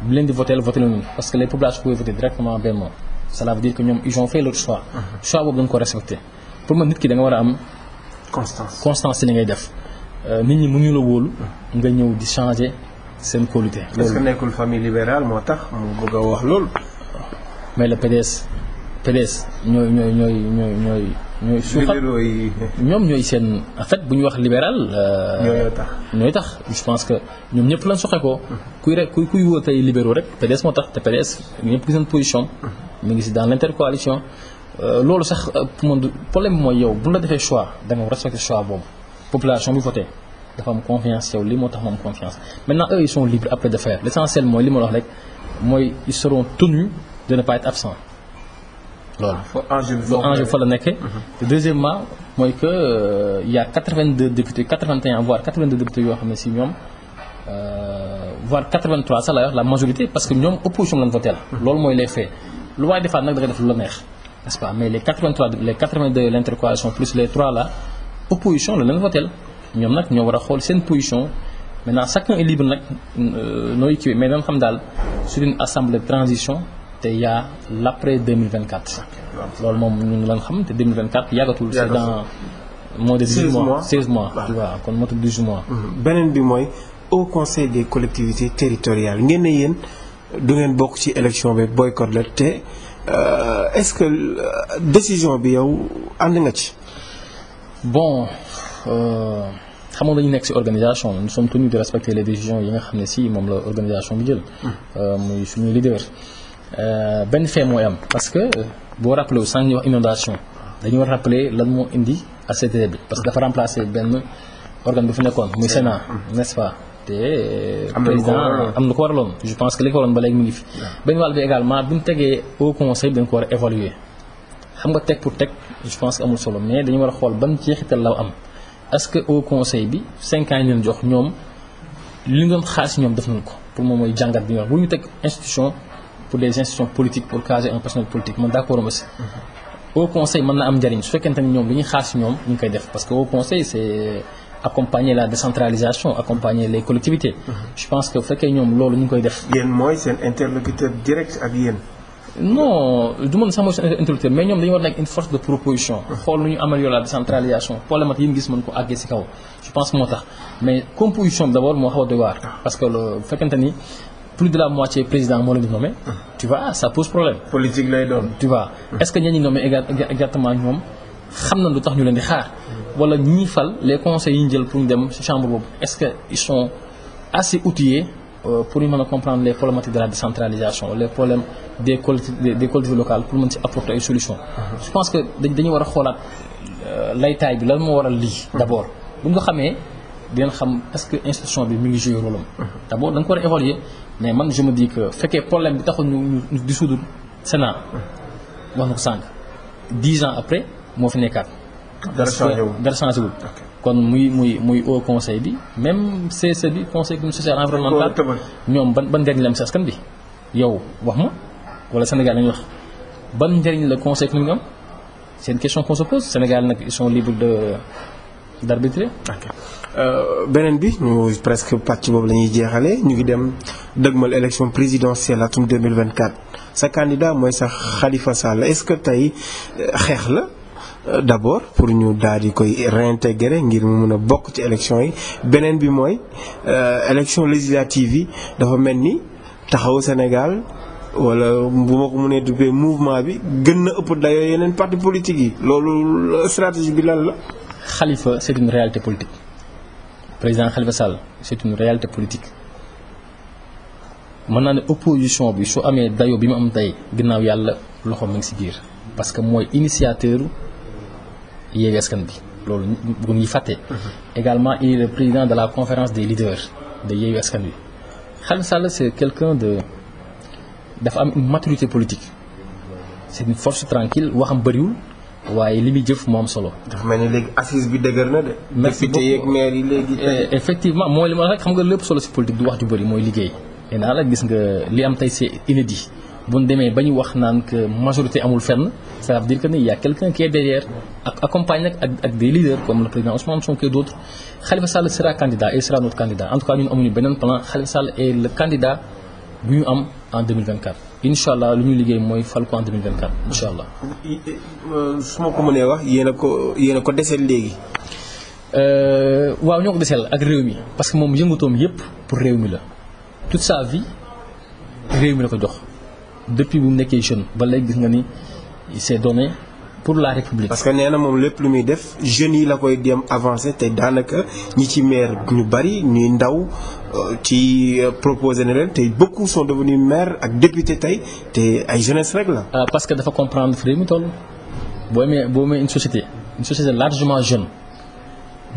bu leen di voté voté la ñu parce que les populations pouvaient voter directement Benno cela veut dire que ñoom ils ont uh-huh. ko respecté constance constance si li ngay def euh, nit ñi mënuñu la wóolu nga ñëw di changer seen qualité. est-ce nekkul famille libérale moo tax mu bëgg a wax loolu. mais le PDS PDS ñooy ñooy ñooy ñooy ñooy. suuxat ñoom ñooy seen en fait bu ñu wax libéral. Euh, ñooy tax tax je pense ñoom ñëpp lañ soxe ko. kuy rek kuy kuy wóor tey libéraux rek PDS moo tax te PDS ñëpp gis nañ position mu mm-hmm. ngi si dans l'intercoalition. Euh, loolu sax euh, man problème bi mooy yow bu la defee choix da nga respecté choix boobu population bi voté dafa am confiance yow lii moo tax ma am confiance maintenant eux ils sont libres après de faire l' essentiel mooy li ma wax rek mooy ils seront tenus de ne pas être absent loolu enjeu fa la nekkee mhm. deuxièmement mooy que il euh, y a 82 députés 81 voire 82 députés yoo xam ne si ñoom voire 83 sax la wax la majorité parce que ñoom opposition lañ voté la mhm. loolu mooy les faits lu waaye defaat nag da def lu la neex n'est-ce pas mais les 83 les 82 de l'intercoalition plus les 3 là opposition la leen votel ñoo war a xool seen position maintenant chacun est libre nag euh, nooy kiiwee mais dañ xam daal sur une assemblée de transition te yaa l'après 2024. loolu moom ñun lan xam te 2024 yàggatul. c'est dans moins de 16 mois 16 mois waaw kon motul 12 mois. Mhm. beneen bi mooy au conseil des collectivités territoriales ngeen ne yéen du ngeen bokk ci élection bi boycott la te. Euh, est-ce que euh, décision bi yow ànd nga ci. bon euh, xam nga dañu nekk ci organisation nous sommes tenus de respecter les décisions yi nga xam ne si moom la organisation bi jël. muy suñu leader. benn fait mooy am parce que boo rappelé wu sànq ñu inondation dañoo rappelé lan moo indi ACT bi parce que dafa remplacer benn organe bi fi nekkoon muy Sénat nest pas. te. am président am na ko waraloon je pense que li ko waroon ba léegi mu ngi fi. benn wàll bi également bu ñu tegee au conseil dañ ko war a évaluer xam nga teg pour teg je pense que amul solo mais dañu war a xool ban jeexital la am est-ce que au conseil bi cinq ans yi jox ñoom li nga xaar si ñoom def nañu ko pour des institutions politiques pour caser un personnel politique man d'accord ma si. Mhm. au conseil mën na am njariñ su fekkente ni ñoom li ñuy xaar ñoom ñu koy accompagner la décentralisation accompagner les collectivités. Mhm. je pense que bu fekkee ñoom loolu ñu ngi koy def. yéen mooy seen interlocuteur direct ak yéen. non du mën sax mooy seen interlocuteur mais ñoom dañu war nekk force de proposition. Mhm. xool nu ñu améliorer la décentralisation problème yi ñu gis mën ko àggee ci kaw. je pense moo tax mais composition bi d'abord moo xaw a doy ah. parce que bu fekkente ni. plus de la moitié président moo leen di nommé. Mhm. tu vois ça pose problème. politique ñoom. xam na lu tax ñu leen di xaar wala ñi fal les conseils yi ñu jël pour ñu dem ci chambre boobu est-ce que ils sont assez outillés euh, pour ñu mën a comprendre les problématiques de la de les problèmes des collectivités des collectivités locales pour mën ci apporter ay solutions. Uh-huh. je pense que dañu war a xoolaat euh, laytaay bi lan moo waral lii. Uh-huh. d'abord bu nga xamee dinañ xam est-ce que institution bi mi ngi jouer rôle am. Uh-huh. d'abord da nga ko war a évaluer mais man je me fekkee problème bi taxul ñu ñu dissoudre Sénat. wax na ko sànq dix ans après. moo fi nekkaat. dara changé wul dara changé kon muy muy muy au conseil bi même CSE bi conseil économique social environnemental. ñoom ban ban njëriñ la am si askan bi. yow wax ma wala Sénégal lañu wax ban njëriñ la conseil économique am c'est une question qu'on se pose Sénégal nag ils sont libres de. d'arbitrer. ok euh, beneen bi ñu presque pàcc boobu la ñuy jeexalee ñu ngi dem dëgmal élection présidentielle atum 2024 sa candidat mooy sax Khalifa saala est-ce que tey euh, xeex la. d'abord pour ñu daal di koy réintégrer ngir mu mun a bokk ci élection yi beneen bi mooy euh, élection législative yi dafa mel ni taxaw Sénégal wala bu ma ko mënee duppee mouvement bi gën na ëpp dayoo yeneen parti politique yi loolu stratégie bi lan la. xalifa c'est une réalité politique président Khalifa Sall c'est une réalité politique mën naa ne opposition bi su amee dayoo bi mu am tey ginnaaw yàlla loxo mi ngi si giir parce que mooy initiateur. Yewwi Askan bi loolu bëgguñ ñu fàtte. Mhm. également il le président de la conférence de leaders de Yewwi Askan bi Sall c' est de dafa am une maturité politique c' est une waxam bëriwul waaye li muy jëf moo solo. dafa mel ni léegi assise bi dëgër na de. merci beaucoup député yeeg maire eh, rek xam nga lépp solo si politique du wax ju bëri mooy liggéey. nee naa la gis nga li am tey c' est inédit. bu nu demee ba ñu wax naan que majorité amul fenn ça veut dire que ne y a quelqu'un qui est derrière ak accompagne nag ak ak des leaders comme le président Ousmane Sonko et d'autres Khalifa Sall sera candidat et sera notre candidat en tout cas ñun bu ñu am en 2024 incha allah lu ñu liggéey mooy fal ko en 2024 incha allah. su ma ko mënee wax yéen a ko yéen ko deseel léegi. Euh, waaw ñoo ko deseel ak réew mi parce que moom yëngatoom yépp pour réew mi la toute sa vie réew mi la ko jox. depuis bu nekkee jeune ba léegi gis nga ni c'est donné pour la république. parce que nee na moom lépp lu muy def jeunes yi la koy dem avancé te daanaka ñi ci maire ñu bari ñuy ndaw euh, ci euh, proposé na leen te beaucoup sont devenus maire ak député tey te ay jeunes rek la. Euh, parce que dafa comprendre fi mu toll boo amee boo amee une société une société largement jeune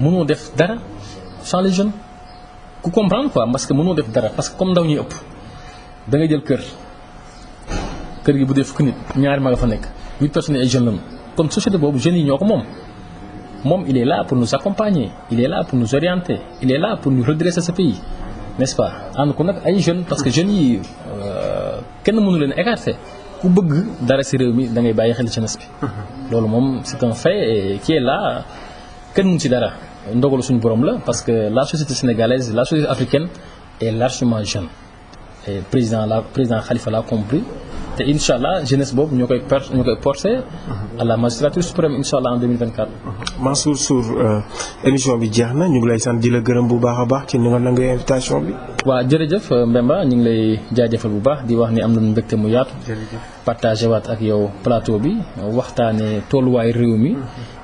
mënoo def dara sans les jeunes ku comprendre quoi parce que mënoo def dara parce que comme ndaw ñuy ëpp da nga jël kër. kër gi bu dee fukki nit ñaari mag a fa nekk huit personnes ay jeunes lañu kon société boobu jeunes yi ñoo ko moom moom il est là pour nous accompagner il est là pour nous orienter il est là pour nous redresser ce pays n'est-ce pas ànd ko nag ay jeunes parce que jeunes yi euh, kenn mënu leen écarter ku bëgg dara si réew mi da ngay bàyyi xel ci nas bi loolu moom c'est un fait qui est là kenn mënu si dara ndogalu suñu borom la parce que la société sénégalaise la société africaine est largement jeune et président la président Khalifa l'a compris te incha allah jeunesse boobu ñoo koy per ñoo koy porté à la magistrature suprême incha allah en 2024. Mansour Sour euh, émission bi jeex na ñu ngi lay sant di la gërëm bu baax a baax ci ni nga nangoo invitation bi. waaw jërëjëf euh, Mbemba ñu ngi lay jaajëfal bu baax di wax ni am na nañu mbégte mu yaatu. partagé waat ak yow plateau bi waxtaanee tolluwaay réew mi.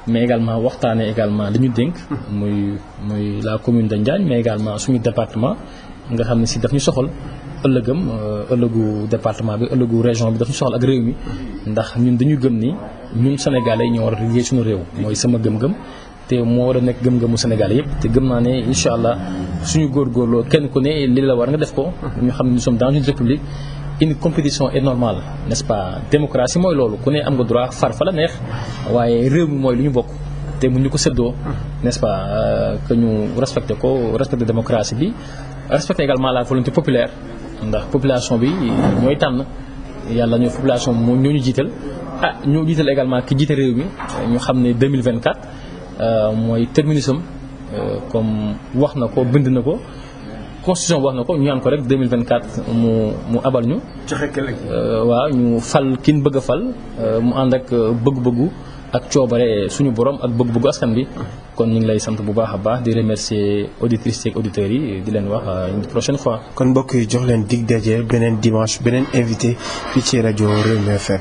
mais également waxtaanee également li ñu dénk. muy muy la commune de Njaañ mais également suñu département nga xam ne si daf ñu soxal. ëllëgam euh, ëllëgu département bi ëllëgu région bi dafa soxla ak réew mi ndax ñun dañu gëm ni ñun sénégalais ñoo war a liggéey suñu réew mooy sama gëm-gëm te moo war a nekk gëm-gëmu sénégalais yëpp te gëm naa ne incha allah suñu góorgóorloo kenn ku ne li la war nga def ko ñu xam ne nous sommes dans une république une compétition est normale n'est-ce pas démocratie mooy loolu ku ne am nga droit far fa la neex waaye réew mi mooy lu ñu bokk te mu ñu ko séddoo n'est-ce pas euh, que ñu respecté ko respecté démocratie bi respecté également la volonté populaire ndax population bi ñooy tànn yàlla ñoo population bi ñoo jiital a ah ñoo jiital également ki jiite réew mi ñu xam ne 2024 euh, mooy terminusam euh, comme wax na ko bind na ko constitution wax na ko ñu ñaan ko rek 2024 mu mu abal ñu. joxe euh, waaw ñu fal ki ñu bëgg a fal mu ànd ak bëgg-bëggu ak coobare suñu borom ak bëgg-bëggu askan bi. kon ñu ngi lay sant bu baax a baax di remercier auditrices yeeg auditeurs yi di leen wax euh, une prochaine fois. kon mbokk yi jox leen dig daje beneen dimanche beneen invité fii ci rajo Rewmi FM.